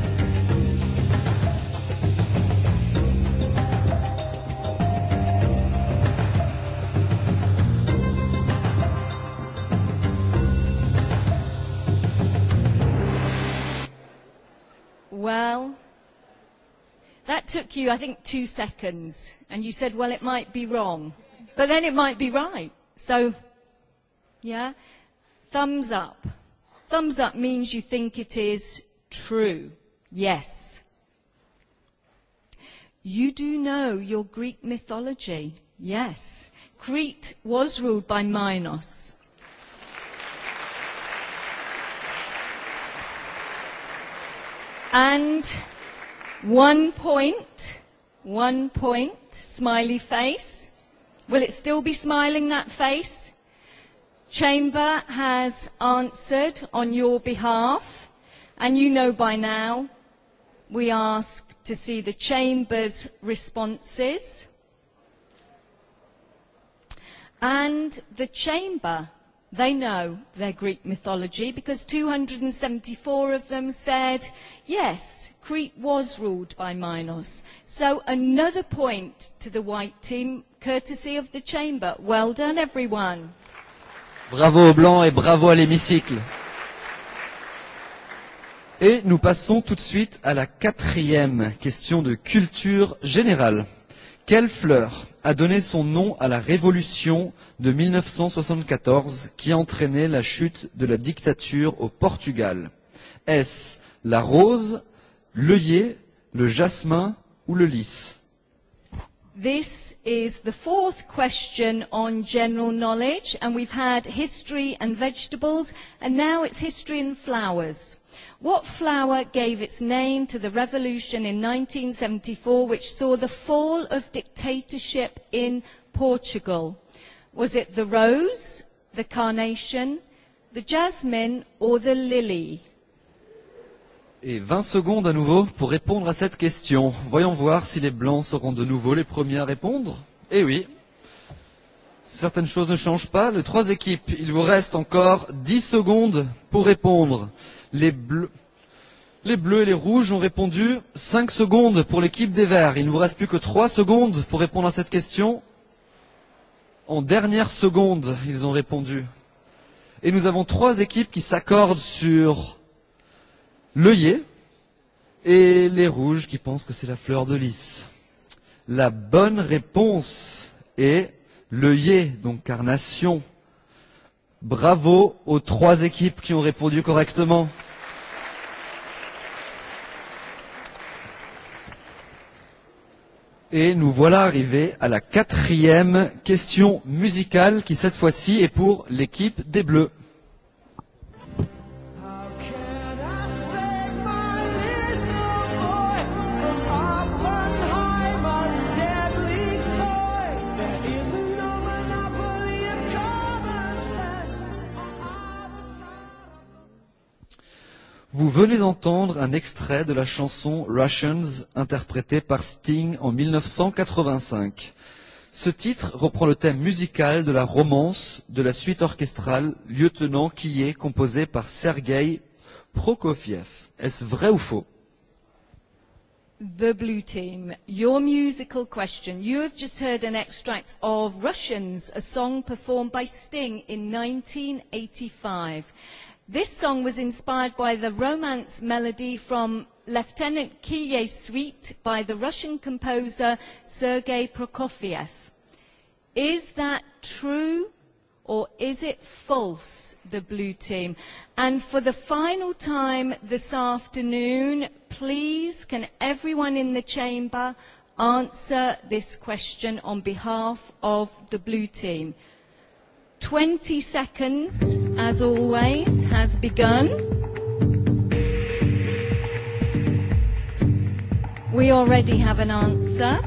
Speaker 14: Well, that took you, I think, two seconds, and you said, well, it might be wrong, but then it might be right. So, yeah, thumbs up. Thumbs up means you think it is true. Yes. You do know your Greek mythology. Yes. Crete was ruled by Minos. And one point, one point, smiley face. Will it still be smiling, that face? Chamber has answered on your behalf, and you know by now we ask to see the Chamber's responses. And the Chamber they know their Greek mythology because 274 of them said, yes, Crete was ruled by Minos. So another point to the white team, courtesy of the chamber. Well done, everyone.
Speaker 1: Bravo
Speaker 17: aux Blancs et bravo à l'hémicycle. Et nous passons tout de suite à la quatrième question de culture générale. Quelle fleur a donné son nom à la révolution de 1974 qui entraînait la chute de la dictature au Portugal Est-ce la rose, l'œillet, le jasmin ou le lys
Speaker 14: This is the fourth question on general knowledge and we've had history and vegetables and now it's history and flowers. What flower gave its name to the revolution in seventy four which saw the fall of dictatorship in Portugal? Was it the rose, the carnation, the jasmine or the lily?
Speaker 17: Et 20 secondes à nouveau pour répondre à cette question. Voyons voir si les blancs seront de nouveau les premiers à répondre. Eh oui, certaines choses ne changent pas. Les trois équipes, il vous reste encore 10 secondes pour répondre. Les bleus, les bleus et les rouges ont répondu 5 secondes pour l'équipe des verts. Il ne vous reste plus que 3 secondes pour répondre à cette question. En dernière seconde, ils ont répondu. Et nous avons trois équipes qui s'accordent sur l'œillet et les rouges qui pensent que c'est la fleur de lys. La bonne réponse est l'œillet, donc carnation. Bravo aux trois équipes qui ont répondu correctement. Et nous voilà arrivés à la quatrième question musicale qui cette fois-ci est pour l'équipe des Bleus. Vous venez d'entendre un extrait de la chanson Russians interprétée par Sting en 1985. Ce titre reprend le thème musical de la romance de la suite orchestrale Lieutenant qui est composée par Sergei Prokofiev. Est-ce vrai ou faux
Speaker 14: The Blue Team, your musical question. You have just heard an extract of Russians, a song performed by Sting in 1985. This song was inspired by the romance melody from Lieutenant Kiye Suite by the Russian composer Sergei Prokofiev. Is that true or is it false, the blue team? And for the final time this afternoon, please can everyone in the chamber answer this question on behalf of the blue team? 20 seconds as always, has begun. We already have an answer.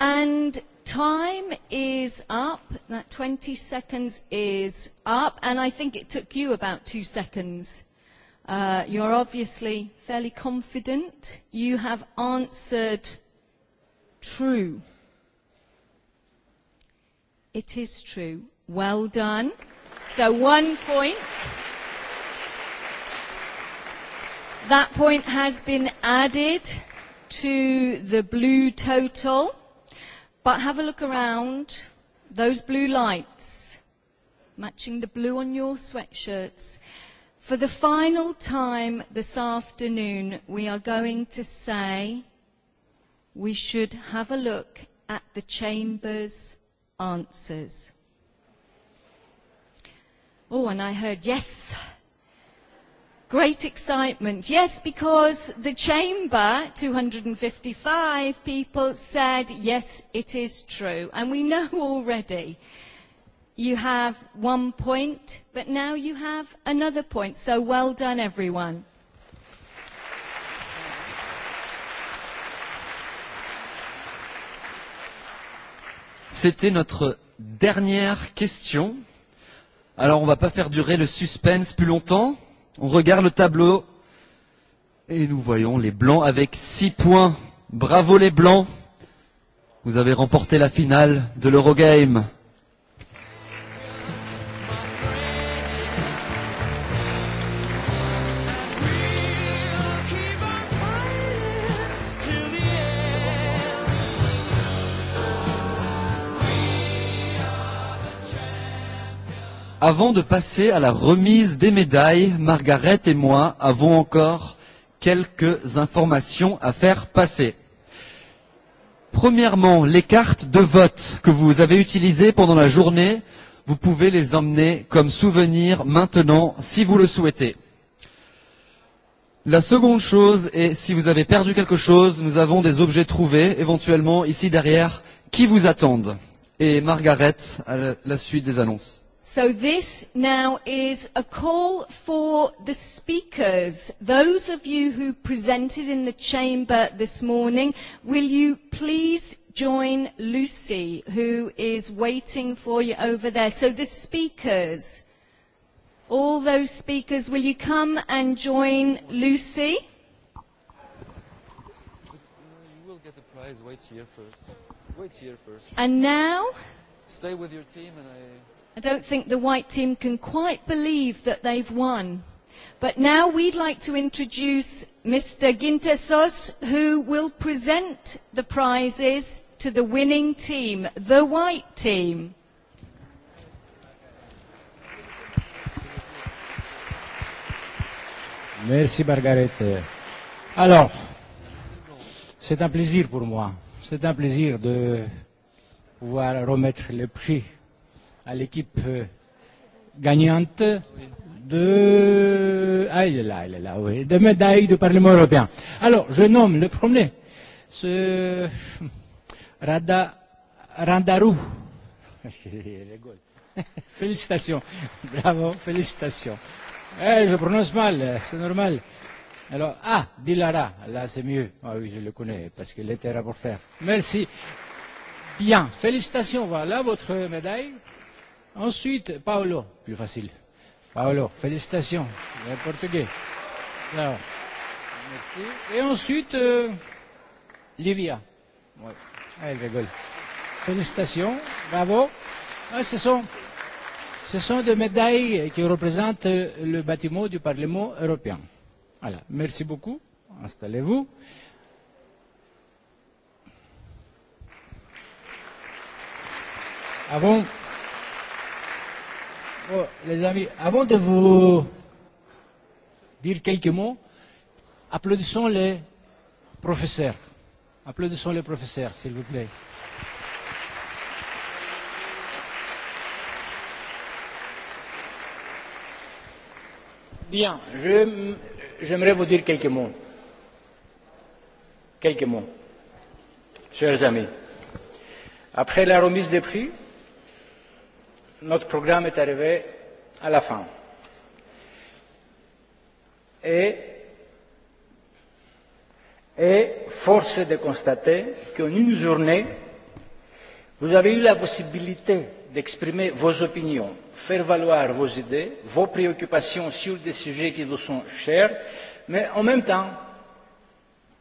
Speaker 14: And time is up. That 20 seconds is up. And I think it took you about two seconds Uh, you're obviously fairly confident. You have answered true. It is true. Well done. So one point. That point has been added to the blue total. But have a look around. Those blue lights matching the blue on your sweatshirts. For the final time this afternoon, we are going to say we should have a look at the Chamber's answers. Oh, and I heard yes. Great excitement. Yes, because the Chamber, 255 people, said yes, it is true. And we know already you have one point, but now you have another point. So well done, everyone.
Speaker 17: C'était notre dernière question. Alors, on ne va pas faire durer le suspense plus longtemps. On regarde le tableau et nous voyons les blancs avec 6 points. Bravo les blancs. Vous avez remporté la finale de l'Eurogame. Avant de passer à la remise des médailles, Margaret et moi avons encore quelques informations à faire passer. Premièrement, les cartes de vote que vous avez utilisées pendant la journée, vous pouvez les emmener comme souvenir maintenant si vous le souhaitez. La seconde chose est si vous avez perdu quelque chose, nous avons des objets trouvés, éventuellement ici derrière, qui vous attendent. Et Margaret à la suite des annonces.
Speaker 14: So this now is a call for the speakers. Those of you who presented in the chamber this morning, will you please join Lucy, who is waiting for you over there? So the speakers, all those speakers, will you come and join Lucy? You
Speaker 17: will get the prize. Wait here first. Wait here first. And now? Stay with your team and I...
Speaker 14: I don't think the white team can quite believe that they've won. But now we'd like to introduce Mr. Gintesos, who will present the prizes to the winning team, the white team.
Speaker 1: Merci Margarete. Alors, c'est un plaisir pour moi, c'est un plaisir de pouvoir remettre le prix à l'équipe euh, gagnante de ah, il est là, il est là, oui, de médaille du Parlement européen. Alors, je nomme le premier, ce Rada Randarou. félicitations, bravo, félicitations. Eh, je prononce mal, c'est normal. Alors, ah, Dilara, là c'est mieux. Ah oui, je le connais parce qu'il était rapporteur. Merci. Bien, félicitations, voilà votre médaille. Ensuite, Paolo, plus facile. Paolo, félicitations, est portugais. Alors, merci. Et ensuite, euh, Livia. Ouais. Ah, elle rigole. Félicitations, bravo. Ah, ce, sont, ce sont des médailles qui représentent le bâtiment du Parlement européen. Voilà, merci beaucoup. Installez-vous. Avant. Ah bon Oh, les amis, avant de vous dire quelques mots, applaudissons les professeurs. Applaudissons les professeurs, s'il vous plaît. Bien, j'aimerais vous dire quelques mots. Quelques mots, chers amis. Après la remise des prix, notre programme est arrivé à la fin. Et, et force est de constater qu'en une journée, vous avez eu la possibilité d'exprimer vos opinions, faire valoir vos idées, vos préoccupations sur des sujets qui vous sont chers, mais en même temps,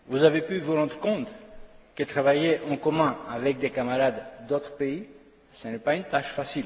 Speaker 1: vous avez pu vous rendre compte que travailler en commun avec des camarades d'autres pays, ce n'est pas une tâche facile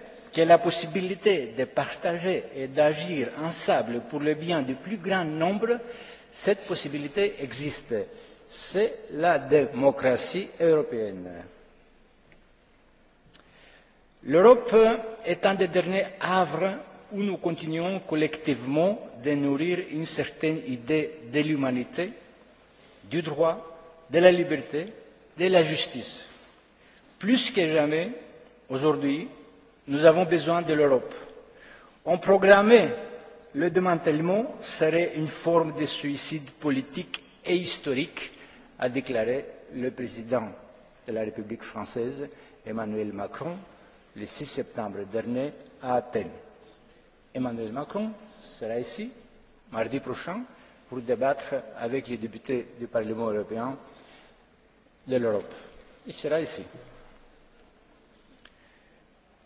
Speaker 1: que la possibilité de partager et d'agir ensemble pour le bien du plus grand nombre, cette possibilité existe. C'est la démocratie européenne. L'Europe est un des derniers havres où nous continuons collectivement de nourrir une certaine idée de l'humanité, du droit, de la liberté, de la justice. Plus que jamais, aujourd'hui, Nous avons besoin de l'Europe. En programmer le démantèlement serait une forme de suicide politique et historique, a déclaré le président de la République française, Emmanuel Macron, le 6 septembre dernier à Athènes. Emmanuel Macron sera ici mardi prochain pour débattre avec les députés du Parlement européen de l'Europe. Il sera ici.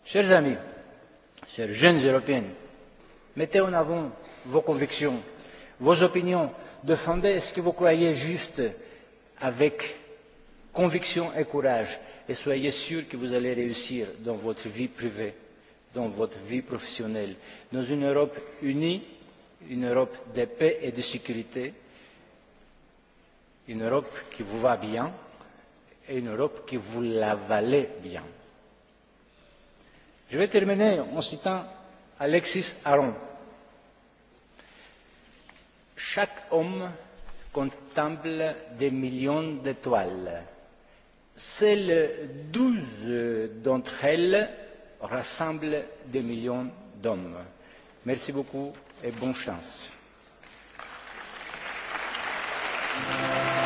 Speaker 1: Chers amis, chers jeunes Européens, mettez en avant vos convictions, vos opinions, défendez ce que vous croyez juste avec conviction et courage, et soyez sûrs que vous allez réussir dans votre vie privée, dans votre vie professionnelle, dans une Europe unie, une Europe de paix et de sécurité, une Europe qui vous va bien et une Europe qui vous la valait bien. Je vais terminer en citant Alexis Aron. Chaque homme contemple des millions d'étoiles. Seules douze d'entre elles rassemblent des millions d'hommes. Merci beaucoup et bonne chance. Thank you.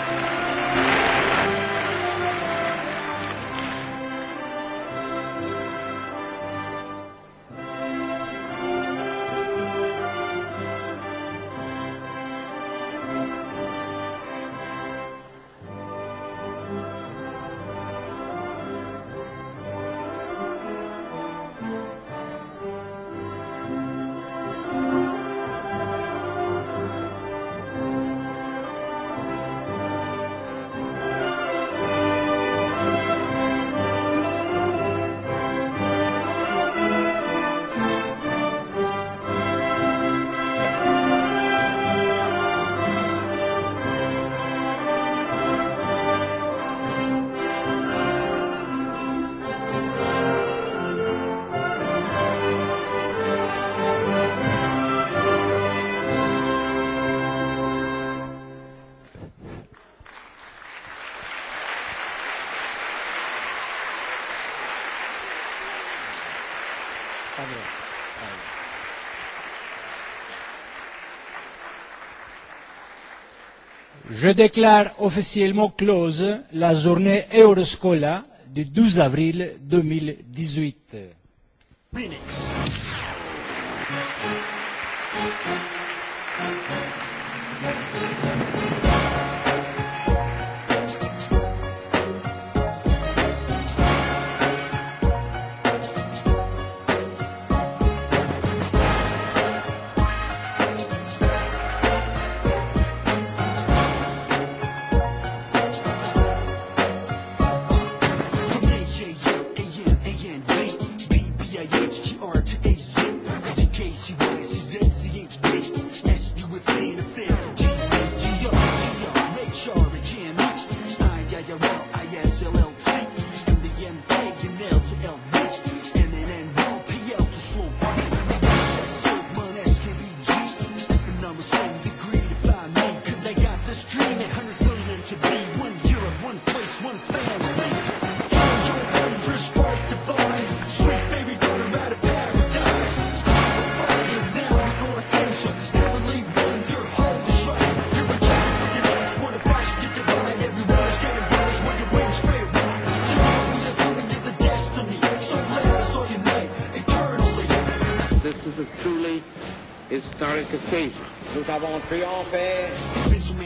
Speaker 1: Je déclare officiellement close la journée Euroscola du 12 avril 2018.
Speaker 2: Phoenix.
Speaker 8: Nous avons triomphé.